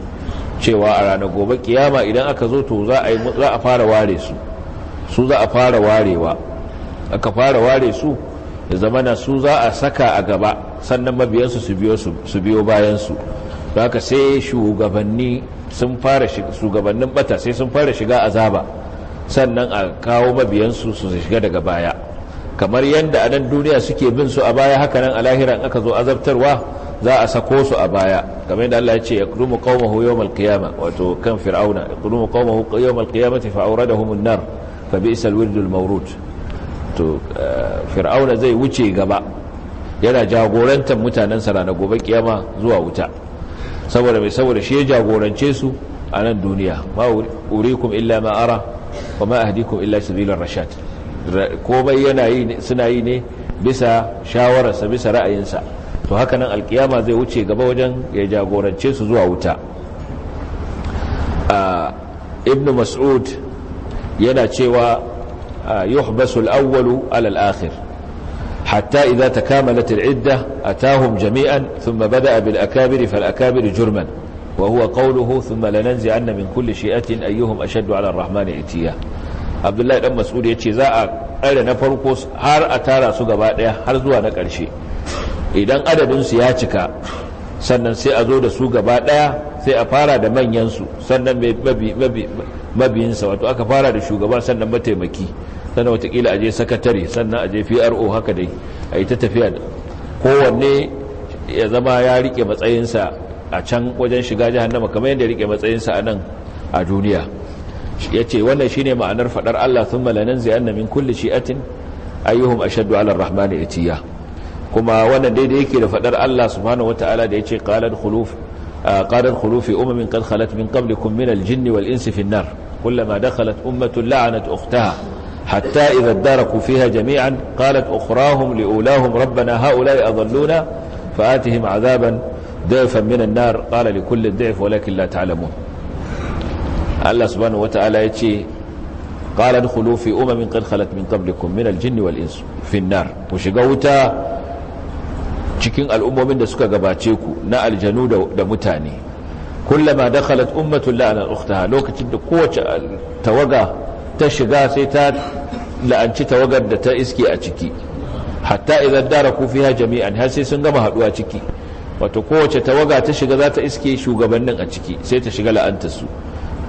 cewa a ranar gobe kiyama idan aka zo to za a fara ware su su za a fara warewa aka fara ware su da zamana su za a saka a gaba sannan mabiyansu su biyo bayansu haka sai shugabanni sun fara shugabannin bata sai sun fara shiga azaba sannan a kawo mabiyansu su shiga daga baya kamar yadda a nan duniya suke bin su a baya haka nan a aka zo azabtarwa za a sako su a baya kamar yadda Allah ya ce yaqdumu yawm yawmal qiyama wato kan fir'auna yaqdumu qaumahu yawmal qiyamati fa awradahum an-nar fa bi'sal al mawrud to eh, fir'auna zai wuce gaba yana jagorantar mutanensa ranar gobe kiyama zuwa wuta saboda mai saboda shi ya jagorance su a nan duniya ma urikum illa ma ara wa ma ahdikum illa sabilar rashad komai yana yi suna yi ne bisa shawararsa bisa ra'ayinsa to haka nan alkiyama zai wuce gaba wajen ya jagorance su zuwa wuta ah, ibn mas'ud yana cewa ah, yuhbasul awwalu alal akhir حتى إذا تكاملت العدة أتاهم جميعا ثم بدأ بالأكابر فالأكابر جرما وهو قوله ثم لننزعن من كل شيئة أيهم أشد على الرحمن عتيا عبد الله بن مسعود يتي زاء ألا نفرقوا هار أتارا سغبا ديا هار زوا na ƙarshe idan adadin su ya cika sannan sai a zo da su gaba daya sai a fara da manyan su sannan mabi mabi mabiyinsa wato aka fara da shugaba sannan mataimaki sannan watakila a je sakatare sannan a je pro haka dai a yi ta tafiya kowanne ya zama ya rike matsayinsa a can wajen shiga jahannama kamar yadda ya rike matsayinsa a nan a duniya ya ce wannan shi ne ma'anar faɗar allah sun malanin zai min kulli shi'atin ayyuhum ashadu ala rahmani itiya kuma wannan daidai yake da faɗar allah subhanahu wata'ala da ya ce qalar khuluf qalar khulufi umamin qad khalat min qablikum min al-jinni wal insi fi kullum ma kullama dakhalat ummatun la'anat ukhtaha حتى إذا اداركوا فيها جميعا قالت أخراهم لأولاهم ربنا هؤلاء أضلونا فآتهم عذابا ضعفا من النار قال لكل ضعف ولكن لا تعلمون الله سبحانه وتعالى يتي قال ادخلوا في أمم قد خلت من قبلكم من الجن والإنس في النار وشقوتا cikin al'ummomin da suka gabace ku na aljanu da mutane kullama dakhalat ummatul la'ana ukhtaha lokacin da kowace tawaga ta shiga sai ta la'anci tawagar da ta iske a ciki hatta idan dara ku jami'a jami'an har sai sun gama haduwa ciki wato kowace tawaga ta shiga za ta iske shugabannin a ciki sai ta shiga la'antar su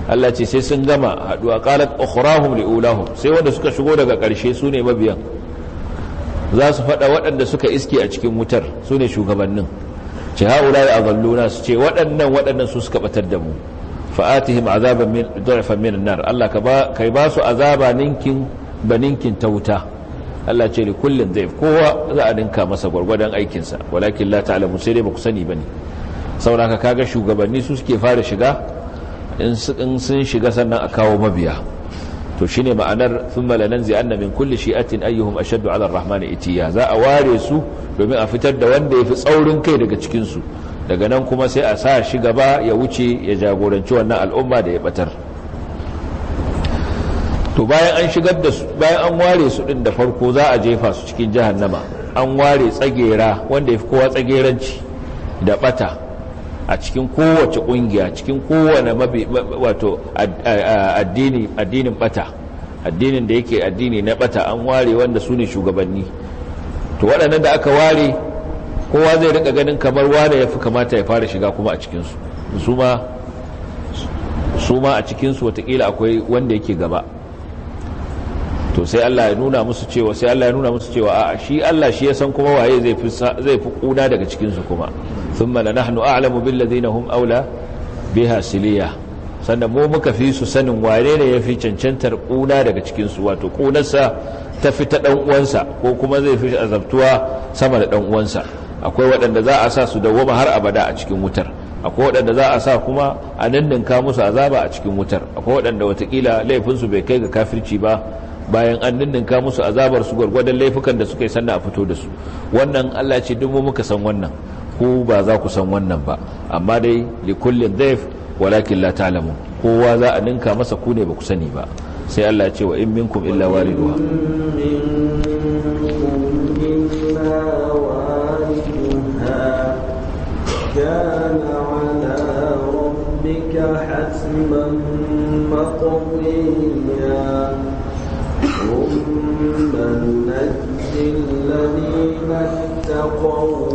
Allah ce sai sun gama haduwa qalat ukhrahum ulahu sai wanda suka shigo daga karshe su ne mabiyan za su faɗa waɗanda suka iske a cikin wutar su ne shugabannin ce ha'ula ya azalluna su ce waɗannan waɗannan su suka batar da mu fa'atihim azaban min dha'fan min nar Allah ka ba su azaba ninkin baninkin ta wuta Allah ce li kullin zai kowa za a dinka masa gwargwadon aikinsa walakin la mu sai dai ba ku sani bane saboda ka kaga shugabanni su suke fara shiga in sun shiga sannan a kawo mabiya to shine ma'anar thumma lananzi anna min kulli shi'atin ayyuhum ashaddu 'ala ar-rahmani itiya za a ware su domin a fitar da wanda yafi tsaurin kai daga cikin su daga nan kuma sai a sa shi gaba ya wuce ya jagoranci wannan al'umma da ya batar to bayan an shigar da su bayan an ware su din da farko za a jefa su cikin jahannama an ware tsagera wanda yafi kowa tsageranci da bata a cikin kowace kungiya cikin kowane wato addini addinin bata addinin da yake addini na bata an ware wanda su ne shugabanni to waɗannan da aka ware kowa zai rika ganin kamar wane yafi kamata ya fara shiga kuma a cikin su su ma su ma a cikin su watakila akwai wanda yake gaba to sai Allah ya nuna musu cewa sai Allah ya nuna musu cewa a'a shi Allah shi ya san kuma waye zai fi zai fi kuna daga cikin su kuma thumma la nahnu a'lamu bil ladina hum aula biha siliya sannan mu muka fi su sanin waye ne fi cancantar kuna daga cikin su wato kunarsa ta fi ta dan uwansa ko kuma zai fi azabtuwa sama da dan uwansa akwai waɗanda za a sa su dawwama har abada a cikin wutar akwai waɗanda za a sa kuma a nan ninka musu azaba a cikin wutar akwai waɗanda watakila laifinsu bai kai ga kafirci ba bayan an ninninka musu azabar su gwargwadon laifukan da suka yi a fito da su wannan Allah ce duk muka san wannan ku ba za ku san wannan ba amma dai li kullin dhaif walakin la talamu kowa za a ninka masa ku ne ba ku sani ba sai Allah ce wa in minkum illa waliduha ثم ننجي الذين اتقوا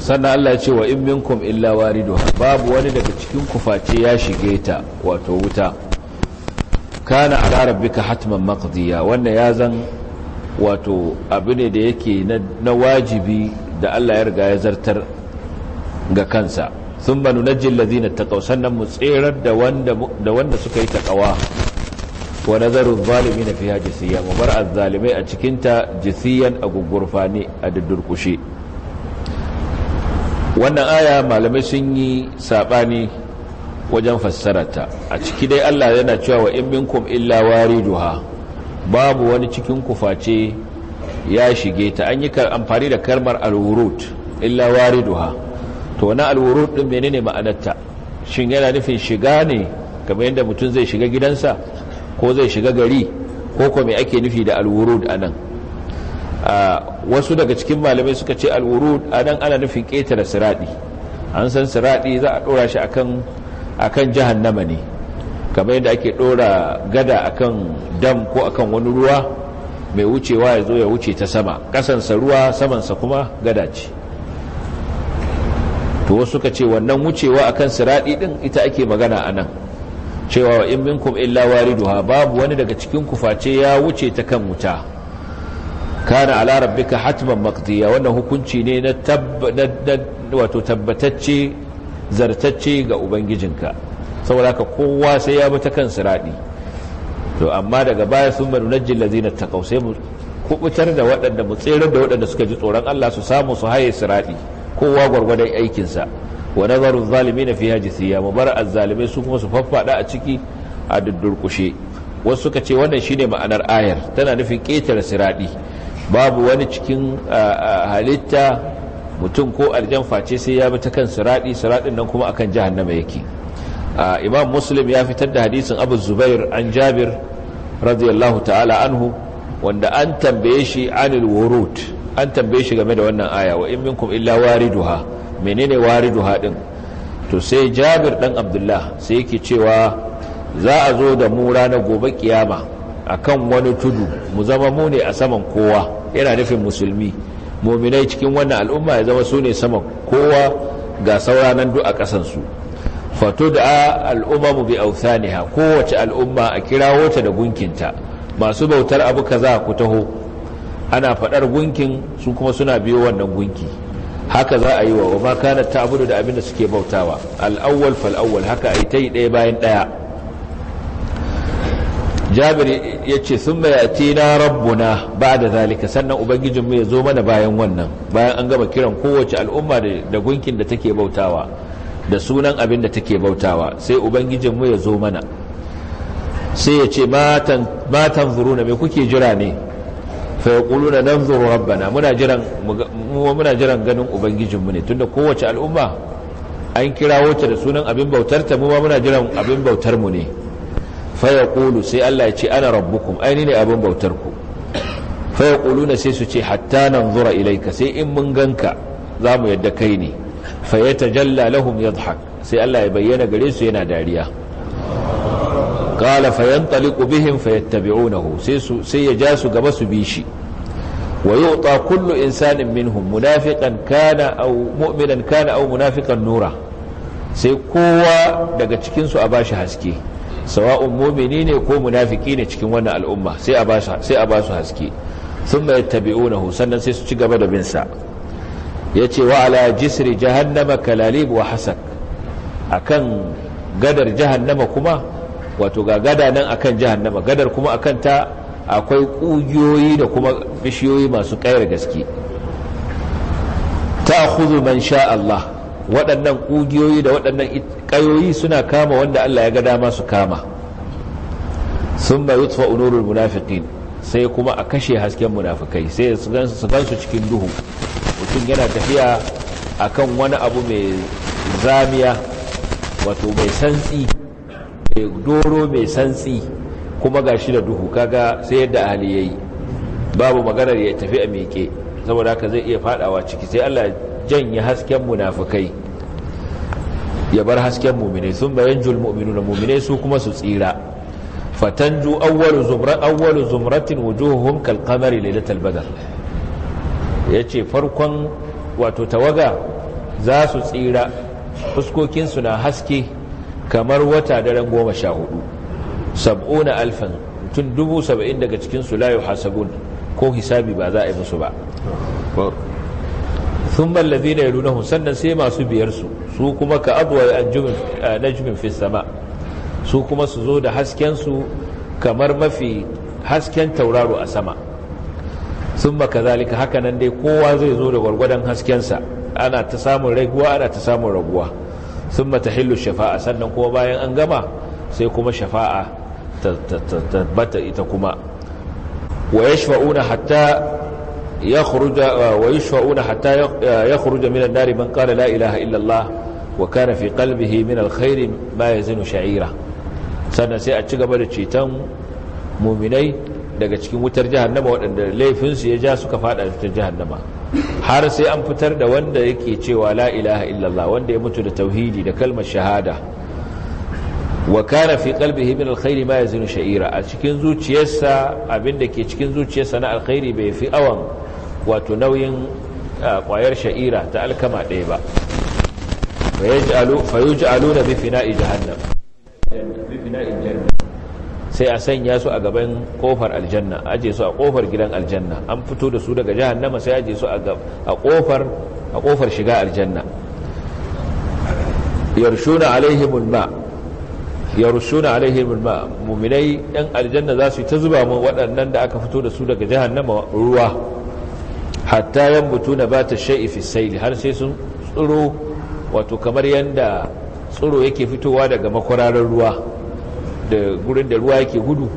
sannan Allah ce wa in minkum illa warido babu wani daga cikin kuface ya shige ta wato wuta kana ala rabbika hatman maqdiya wannan ya zan wato abu ne da yake na wajibi da Allah ya riga ya zartar ga kansa sun ba nunajin lazina ta sannan mu tserar da wanda suka yi taƙawa wa nazarin zalimi na fiya jisiya mu bar azzalimai a cikinta jisiyan a ne a dudurkushe wannan aya malamai sun yi saɓani wajen fassararta a ciki dai allah yana cewa wa in minkum illa duha babu wani cikin kuface ya shige ta an yi amfani da kalmar alwurut illa wari duha to wani alwurud din menene ma'anarta shin yana nufin shiga ne kamar yadda mutum zai shiga gidansa ko zai shiga gari ko kuma ake nufi da alwurud anan wasu daga cikin malamai suka ce alwurud anan ana nufin ƙetare siradi an san siradi za a ɗora shi akan akan jahannama ne kamar yadda ake ɗora gada akan dam ko akan wani ruwa mai wucewa ya zo ya wuce ta sama ƙasansa ruwa samansa kuma gada ce to wasu ka ce wannan wucewa akan siradi din ita ake magana a nan cewa wa in minkum illa wariduha babu wani daga cikin ku face ya wuce ta kan wuta kana ala rabbika hatman maqdiya wannan hukunci ne na wato tabbatacce zartacce ga ubangijinka saboda ka kowa sai ya bi ta kan siradi to amma daga baya sun manu najjin lazina ta kausai mu kubutar da waɗanda mu tserar da waɗanda suka ji tsoron Allah su samu su haye siradi kowa gwargwadon aikinsa wa nazarin zalimi na fiya jisiya mu bar azzalimai su kuma su faffaɗa a ciki a duddurkushe wasu suka ce wannan shine ma'anar ayar tana nufin ƙetare siraɗi babu wani cikin halitta mutum ko aljan face sai ya bi ta kan siraɗi siraɗin nan kuma akan jahannama yake imam muslim ya fitar da hadisin abu zubair an jabir radiyallahu ta'ala anhu wanda an tambaye shi anil wurud an tambaye shi game da wannan aya wa in minkum illa wariduha menene wariduha din to sai Jabir dan Abdullah sai yake cewa za a zo da mu ranar gobe kiyama akan wani tudu mu zama mu ne a saman kowa yana nufin musulmi muminai cikin wannan al'umma ya zama su ne sama kowa ga sauranan duk a su fato da al'umma bi authaniha kowace al'umma a kirawo ta da gunkinta masu bautar abu kaza ku taho ana faɗar gunkin su kuma suna biyo wannan gunki haka za a yi wa ma kana abudu da abin da suke bautawa al-awwal fal awwal haka ai tai ɗaya bayan ɗaya Jabir yace thumma na rabbuna ba da zalika sannan ubangijin mu zo mana bayan wannan bayan an gama kiran kowace al'umma da gunkin da take bautawa da sunan abin da take bautawa sai ubangijin mu zo mana sai yace matan matan zuruna me kuke jira ne fa yaquluna nanzuru rabbana muna jiran muna jiran ganin ubangijinmu ne tunda kowace al'umma an kirawo ta da sunan abin bautar ta muma muna jiran abin bautar mu ne fa yaqulu sai Allah ya ce ana rabbukum aini ne abin bautar ku fa na sai su ce hatta nanzura ilaika sai in mun ganka za mu yadda kai ne fayata jalla lahum yadhhak sai Allah ya bayyana gare su yana dariya qala fayantaliqu bihim fayattabi'unahu sai su sai ya ja su gaba su bi shi wa yu'ta kullu insanin minhum munafiqan kana aw mu'minan kana aw munafiqan nura sai kowa daga cikin su a bashi haske sawa'un mu'mini ne ko munafiki ne cikin wannan al'umma sai a bashi sai a basu haske thumma yattabi'unahu sannan sai su ci gaba da bin sa yace wa ala jisri jahannama kalalib wa hasak akan gadar jahannama kuma wato ga gada nan akan jahannama gadar kuma akan ta akwai ƙugiyoyi da kuma bishiyoyi masu ƙayar gaske ta huzu man sha Allah waɗannan ƙugiyoyi da waɗannan ƙayoyi suna kama wanda Allah ya ga dama su kama sun mai yutfa unurul munafiqin sai kuma a kashe hasken munafikai sai su gansu cikin duhu mutum yana tafiya akan wani abu mai zamiya wato mai santsi mai doro mai santsi kuma ga shi da duhu kaga sai yadda hali ya yi babu maganar ya tafi a miƙe saboda haka zai iya fadawa ciki sai allah janye hasken munafukai ya bar hasken mumine sun bayan jul mu'minu na mumine su kuma su tsira fatanju awwalu zumra awwalu zumratin wujuhuhum kal qamari lailatul badr yace farkon wato tawaga za su tsira fuskokin su na haske kamar wata daren goma sha hudu sab'una alfan tun dubu saba'in daga cikin layu hasabun ko hisabi ba za a yi musu ba sun mallazi na yarunahu sannan sai masu biyarsu su kuma ka abuwa eh, najmin fi sama su kuma su zo da su kamar mafi hasken tauraro a sama sun ka zalika hakanan dai kowa zai zo da gwargwadon haskensa ana ta samun raguwa ana ta samun raguwa sun mata hillu shafa'a sannan kuma bayan an gama sai kuma shafa'a tabbata ita kuma wa yashfa'una hatta yakhruja wa yashfa'una hatta yakhruja min an-nar man qala la ilaha illa Allah wa kana fi qalbihi min al baya ma yazinu sha'ira sannan sai a ci gaba da ceton muminai daga cikin wutar nama waɗanda laifinsu ya ja suka fada jihar nama. har sai an fitar da wanda yake cewa la ilaha illallah wanda ya mutu da tauhidi da kalmar shahada wa kana fi qalbihi min alkhairi ma yazinu sha'ira a cikin zuciyarsa abinda ke cikin zuciyarsa na alkhairi bai fi awan wato nauyin ah, kwayar sha'ira ta alkama ɗaya ba fayuj'alu fayuj'aluna bi fina'i jahannam bi fina'i jahannam sai a sanya su a gaban kofar aljanna aje su a kofar gidan aljanna an fito da su daga jahannama sai aje su a kofar shiga aljanna yarshuna alaihimul ma yarshuna alaihimul ma mu'minai yan aljanna za su ta zuba mu waɗannan da aka fito da su daga jahannama ruwa hatta ba ta shay'i fi sayli har sai sun tsuro wato kamar yanda tsuro yake fitowa daga makwararar ruwa da gurin da ruwa yake gudu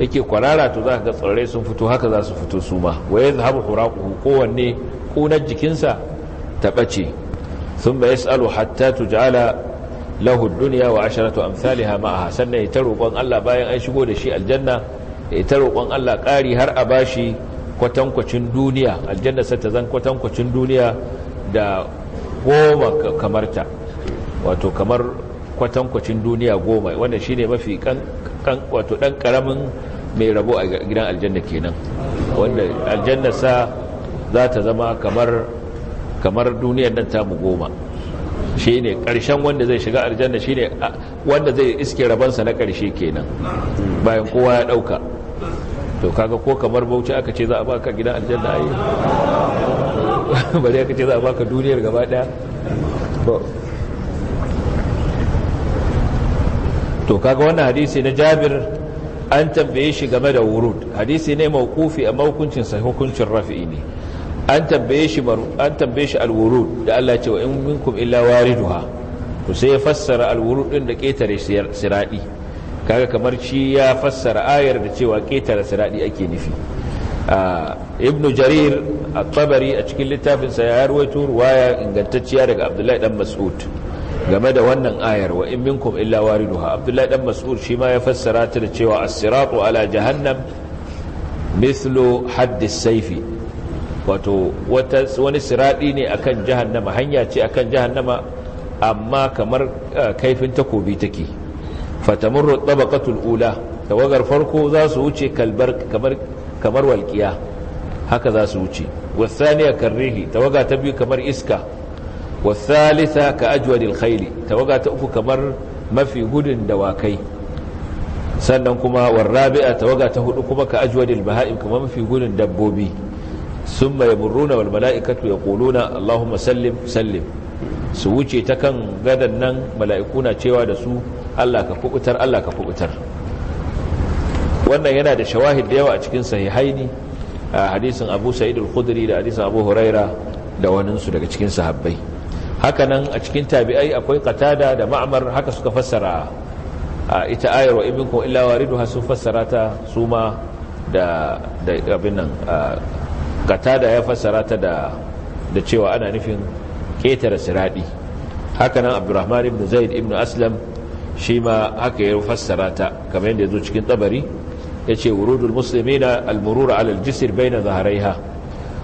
yake kwarara to za ka ga tsirrai sun fito haka za su fito su ma wa ya zahabu huraƙuhu kowanne ƙunar jikinsa ta ɓace sun bai tsalo hatta tuj'ala lahu ad-dunya wa asharatu amsalha ma'aha sannan ya ta roƙon Allah bayan an shigo da shi aljanna ya ta roƙon Allah ƙari har a bashi kwatankwacin duniya aljanna sai ta zan kwatankwacin duniya da goma kamarta wato kamar kwatankwacin duniya goma wanda shi ne mafi wato ɗan ƙaramin mai rabo a gidan aljanna kenan wanda aljanna sa za ta zama kamar duniya duniyar nan tamu goma shi ne ƙarshen wanda zai shiga aljanna shi ne wanda zai iske rabansa na ƙarshe kenan bayan kowa ya ɗauka to kaga ko kamar bauchi aka ce za a baka gidan aljanna a yi bari aka ce za a baka duniyar gaba ɗaya to kaga wannan hadisi na jabir an tambaye shi game da wurud hadisi ne mawqufi a hukuncin sa hukuncin rafi'i ne an tambaye shi an tambaye shi al-wurud da Allah ya ce wa in minkum illa wariduha to sai ya fassara al-wurud din da ketare siradi kaga kamar shi ya fassara ayar da cewa ketare siradi ake nufi ibn jarir at-tabari a cikin littafinsa ya rawaito ruwaya ingantacciya daga abdullahi dan mas'ud game da wannan ayar wa in minkum illa wariduha abdullahi dan mas'ud shi ma ya fassara ta da cewa as-siratu ala jahannam mithlu hadd as-sayfi wato wata wani siradi ne akan jahannama hanya ce akan jahannama amma kamar eh, kaifin takobi take fatamurru tabaqatul ula tawagar farko za su wuce kalbar kamar kamar walqiya haka za su wuce wasaniya karrihi tawaga ta biyu kamar iska wasalisa ka ajwadil khayli tawaga ta uku kamar mafi gudun dawakai sannan kuma warrabi'a tawaga ta hudu kuma ka ajwadil baha'im kamar mafi gudun dabbobi summa yamurruna wal mala'ikatu yaquluna allahumma sallim sallim su wuce ta kan gadan nan mala'iku na cewa da su Allah ka kubutar Allah ka kubutar wannan yana da shawahid da yawa a cikin sahihaini a hadisin Abu Sa'id al-Khudri da hadisin Abu Huraira da waninsu daga cikin sahabbai hakanan a cikin tabi'ai akwai qatada da ma'mar haka suka fassara ita ayar wa ibnkum illa wariduha sun fassara ta suma da da abin nan qatada ya fassara ta da da cewa ana nufin ketare siradi hakanan abdurrahman ibn zaid ibn aslam shi ma haka ya fassara ta kamar yadda ya zo cikin tabari yace wurudul muslimina al-murur ala al-jisr bayna dhahrayha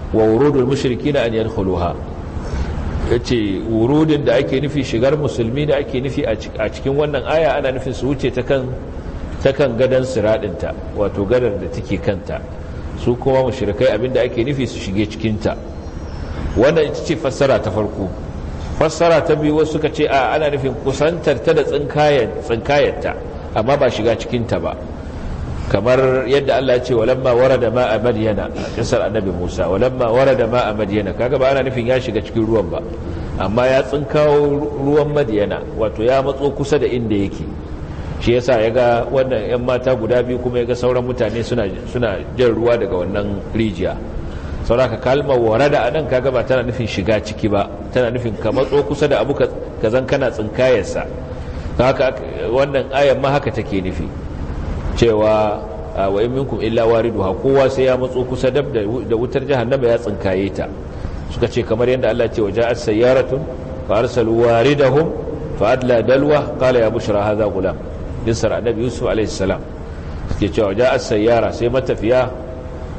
wa wurudul mushrikina an yadkhuluha ya ce wurudin da ake nufi shigar musulmi da ake nufi a cikin wannan aya ana nufin su wuce ta kan gadon siraɗinta wato gadar da take kanta su kuma shirikai abinda ake nufi su shige cikinta wannan ita ce fassara ta farko fassara ta biyu wasu suka ce a ana nufin kusantar ta da ta amma ba shiga cikinta ba kamar yadda Allah ya ce walamma warada ma a madiyana annabi Musa walamma warada ma a kaga ba ana nufin ya shiga cikin ruwan ba amma ya tsinkawo ruwan madiyana wato ya matso kusa da inda yake shi yasa ya ga wannan 'yan mata guda biyu kuma ya ga sauran mutane suna jan ruwa daga wannan rijiya sauraka kalmar warada a nan kaga ba tana nufin shiga ciki ba tana nufin ka matso kusa da abu ka zan kana tsinkayarsa haka wannan ayan ma haka take nufi cewa wa in minkum illa wariduha kowa sai ya matso kusa dab da wutar jahannama ya tsinkaye ta suka ce kamar yadda Allah ce waje as sayyaratun fa arsalu waridahum fa adla dalwa qala ya bushra hadha gulam bisar annabi yusuf alaihi salam suke cewa waje as sayyara sai matafiya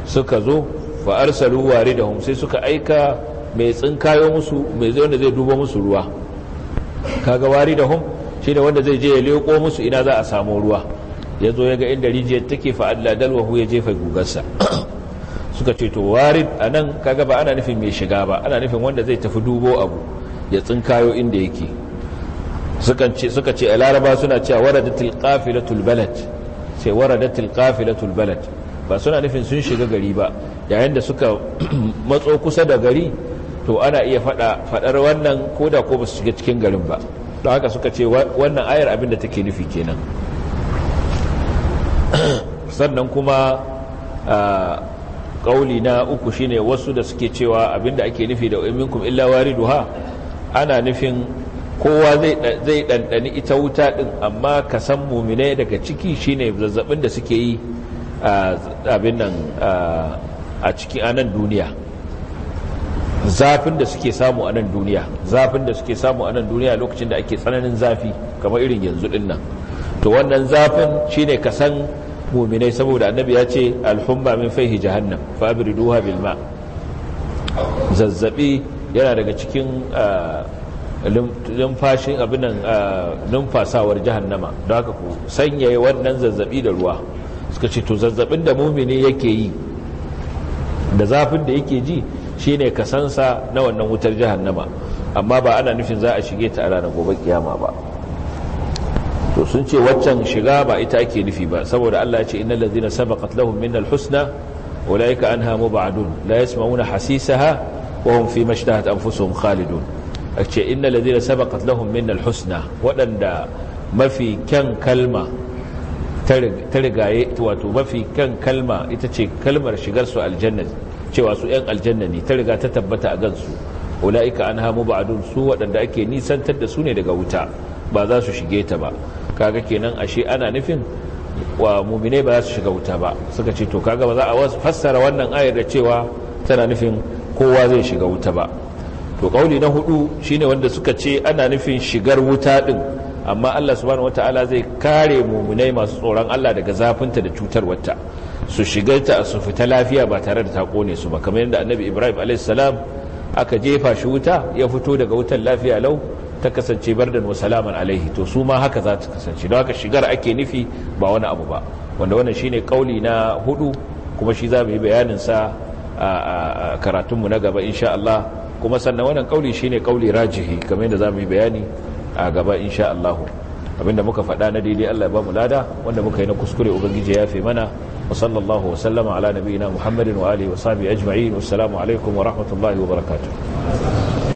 suka zo fa arsalu waridahum sai suka aika mai tsinkayo musu mai zai wanda zai duba musu ruwa kaga waridahum shine wanda zai je ya leko musu ina za a samu ruwa ya zo ya ga inda rijiyar take fa'adla dalwahu ya jefa gugarsa suka ce to warid a nan kaga ba ana nufin mai shiga ba ana nufin wanda zai tafi dubo abu ya tsinkayo inda yake suka ce a laraba suna cewa waradatul qafilatul tulbalat sai waradatul qafilatul tulbalat ba suna nufin sun shiga gari ba yayin da suka matso kusa da gari to ana iya fadar wannan ko da ko ba su shiga cikin garin ba don haka suka ce wannan ayar abin da take nufi kenan sannan kuma kauli na uku shine wasu da suke cewa abinda ake nufi da minkum illa wariduha ana nufin kowa zai ɗanɗani ita wuta ɗin amma ka san mumine daga ciki shine zazzabin da suke yi abin nan a cikin anan duniya zafin da suke samu a nan duniya zafin da suke samu a nan duniya lokacin da ake tsananin zafi kamar irin yanzu ɗin nan to wannan zafin shine ka san muminai saboda annabi ya ce alhumma min faihi jahannam fa abriduha bil ma zazzabi yana daga cikin numfashin ah, nan ah, numfasawar jahannama don haka ku sanyaye wannan zazzabi da ruwa suka ce to zazzabin da mumini yake yi da zafin da yake ji shine kasansa na wannan wutar jahannama amma ba ana nufin za a shige ta a ranar gobe kiyama ba sun ce waccan shiga ba ita ake nufi ba saboda Allah ya ce innal ladina sabaqat lahum min husna ulaika anha mubadun la yasma'una hasisaha wa hum fi mashtahat anfusuhum khalidun ce innal ladina sabaqat lahum min husna wadanda mafi kyan kalma ta rigaye wato mafi kyan kalma ita ce kalmar shigar su aljanna cewa su yan aljanna ne ta riga ta tabbata a gansu ula'ika an mubadun su wadanda ake nisantar da su ne daga wuta ba za su shige ta ba kaga kenan ashe ana nufin wa mumine ba za su shiga wuta ba suka ce to kaga ba za a fassara wannan ayar da cewa tana nufin kowa zai shiga wuta ba to kauli na hudu shine wanda suka ce ana nufin shigar wuta din amma Allah subhanahu wataala zai kare muminai masu tsoron Allah daga zafinta da cutar wata su shiga ta su fita lafiya ba tare da ta kone su ba kamar yadda annabi Ibrahim alaihi salam aka jefa shi wuta ya fito daga wutar lafiya lau ta kasance bardan wa salaman alaihi to su ma haka za ta kasance don haka shigar ake nufi ba wani abu ba wanda wannan shine kauli na hudu kuma shi za mu yi bayanin sa a karatunmu na gaba insha Allah kuma sannan wannan kauli shine kauli rajihi kamar yadda za mu yi bayani a gaba insha Allah abinda muka faɗa na daidai Allah ya ba mu lada wanda muka yi na kuskure ubangiji ya fi mana wa sallallahu wa sallama ala nabiyina Muhammadin wa alihi wa sahbihi ajma'in wassalamu alaikum wa rahmatullahi wa barakatuh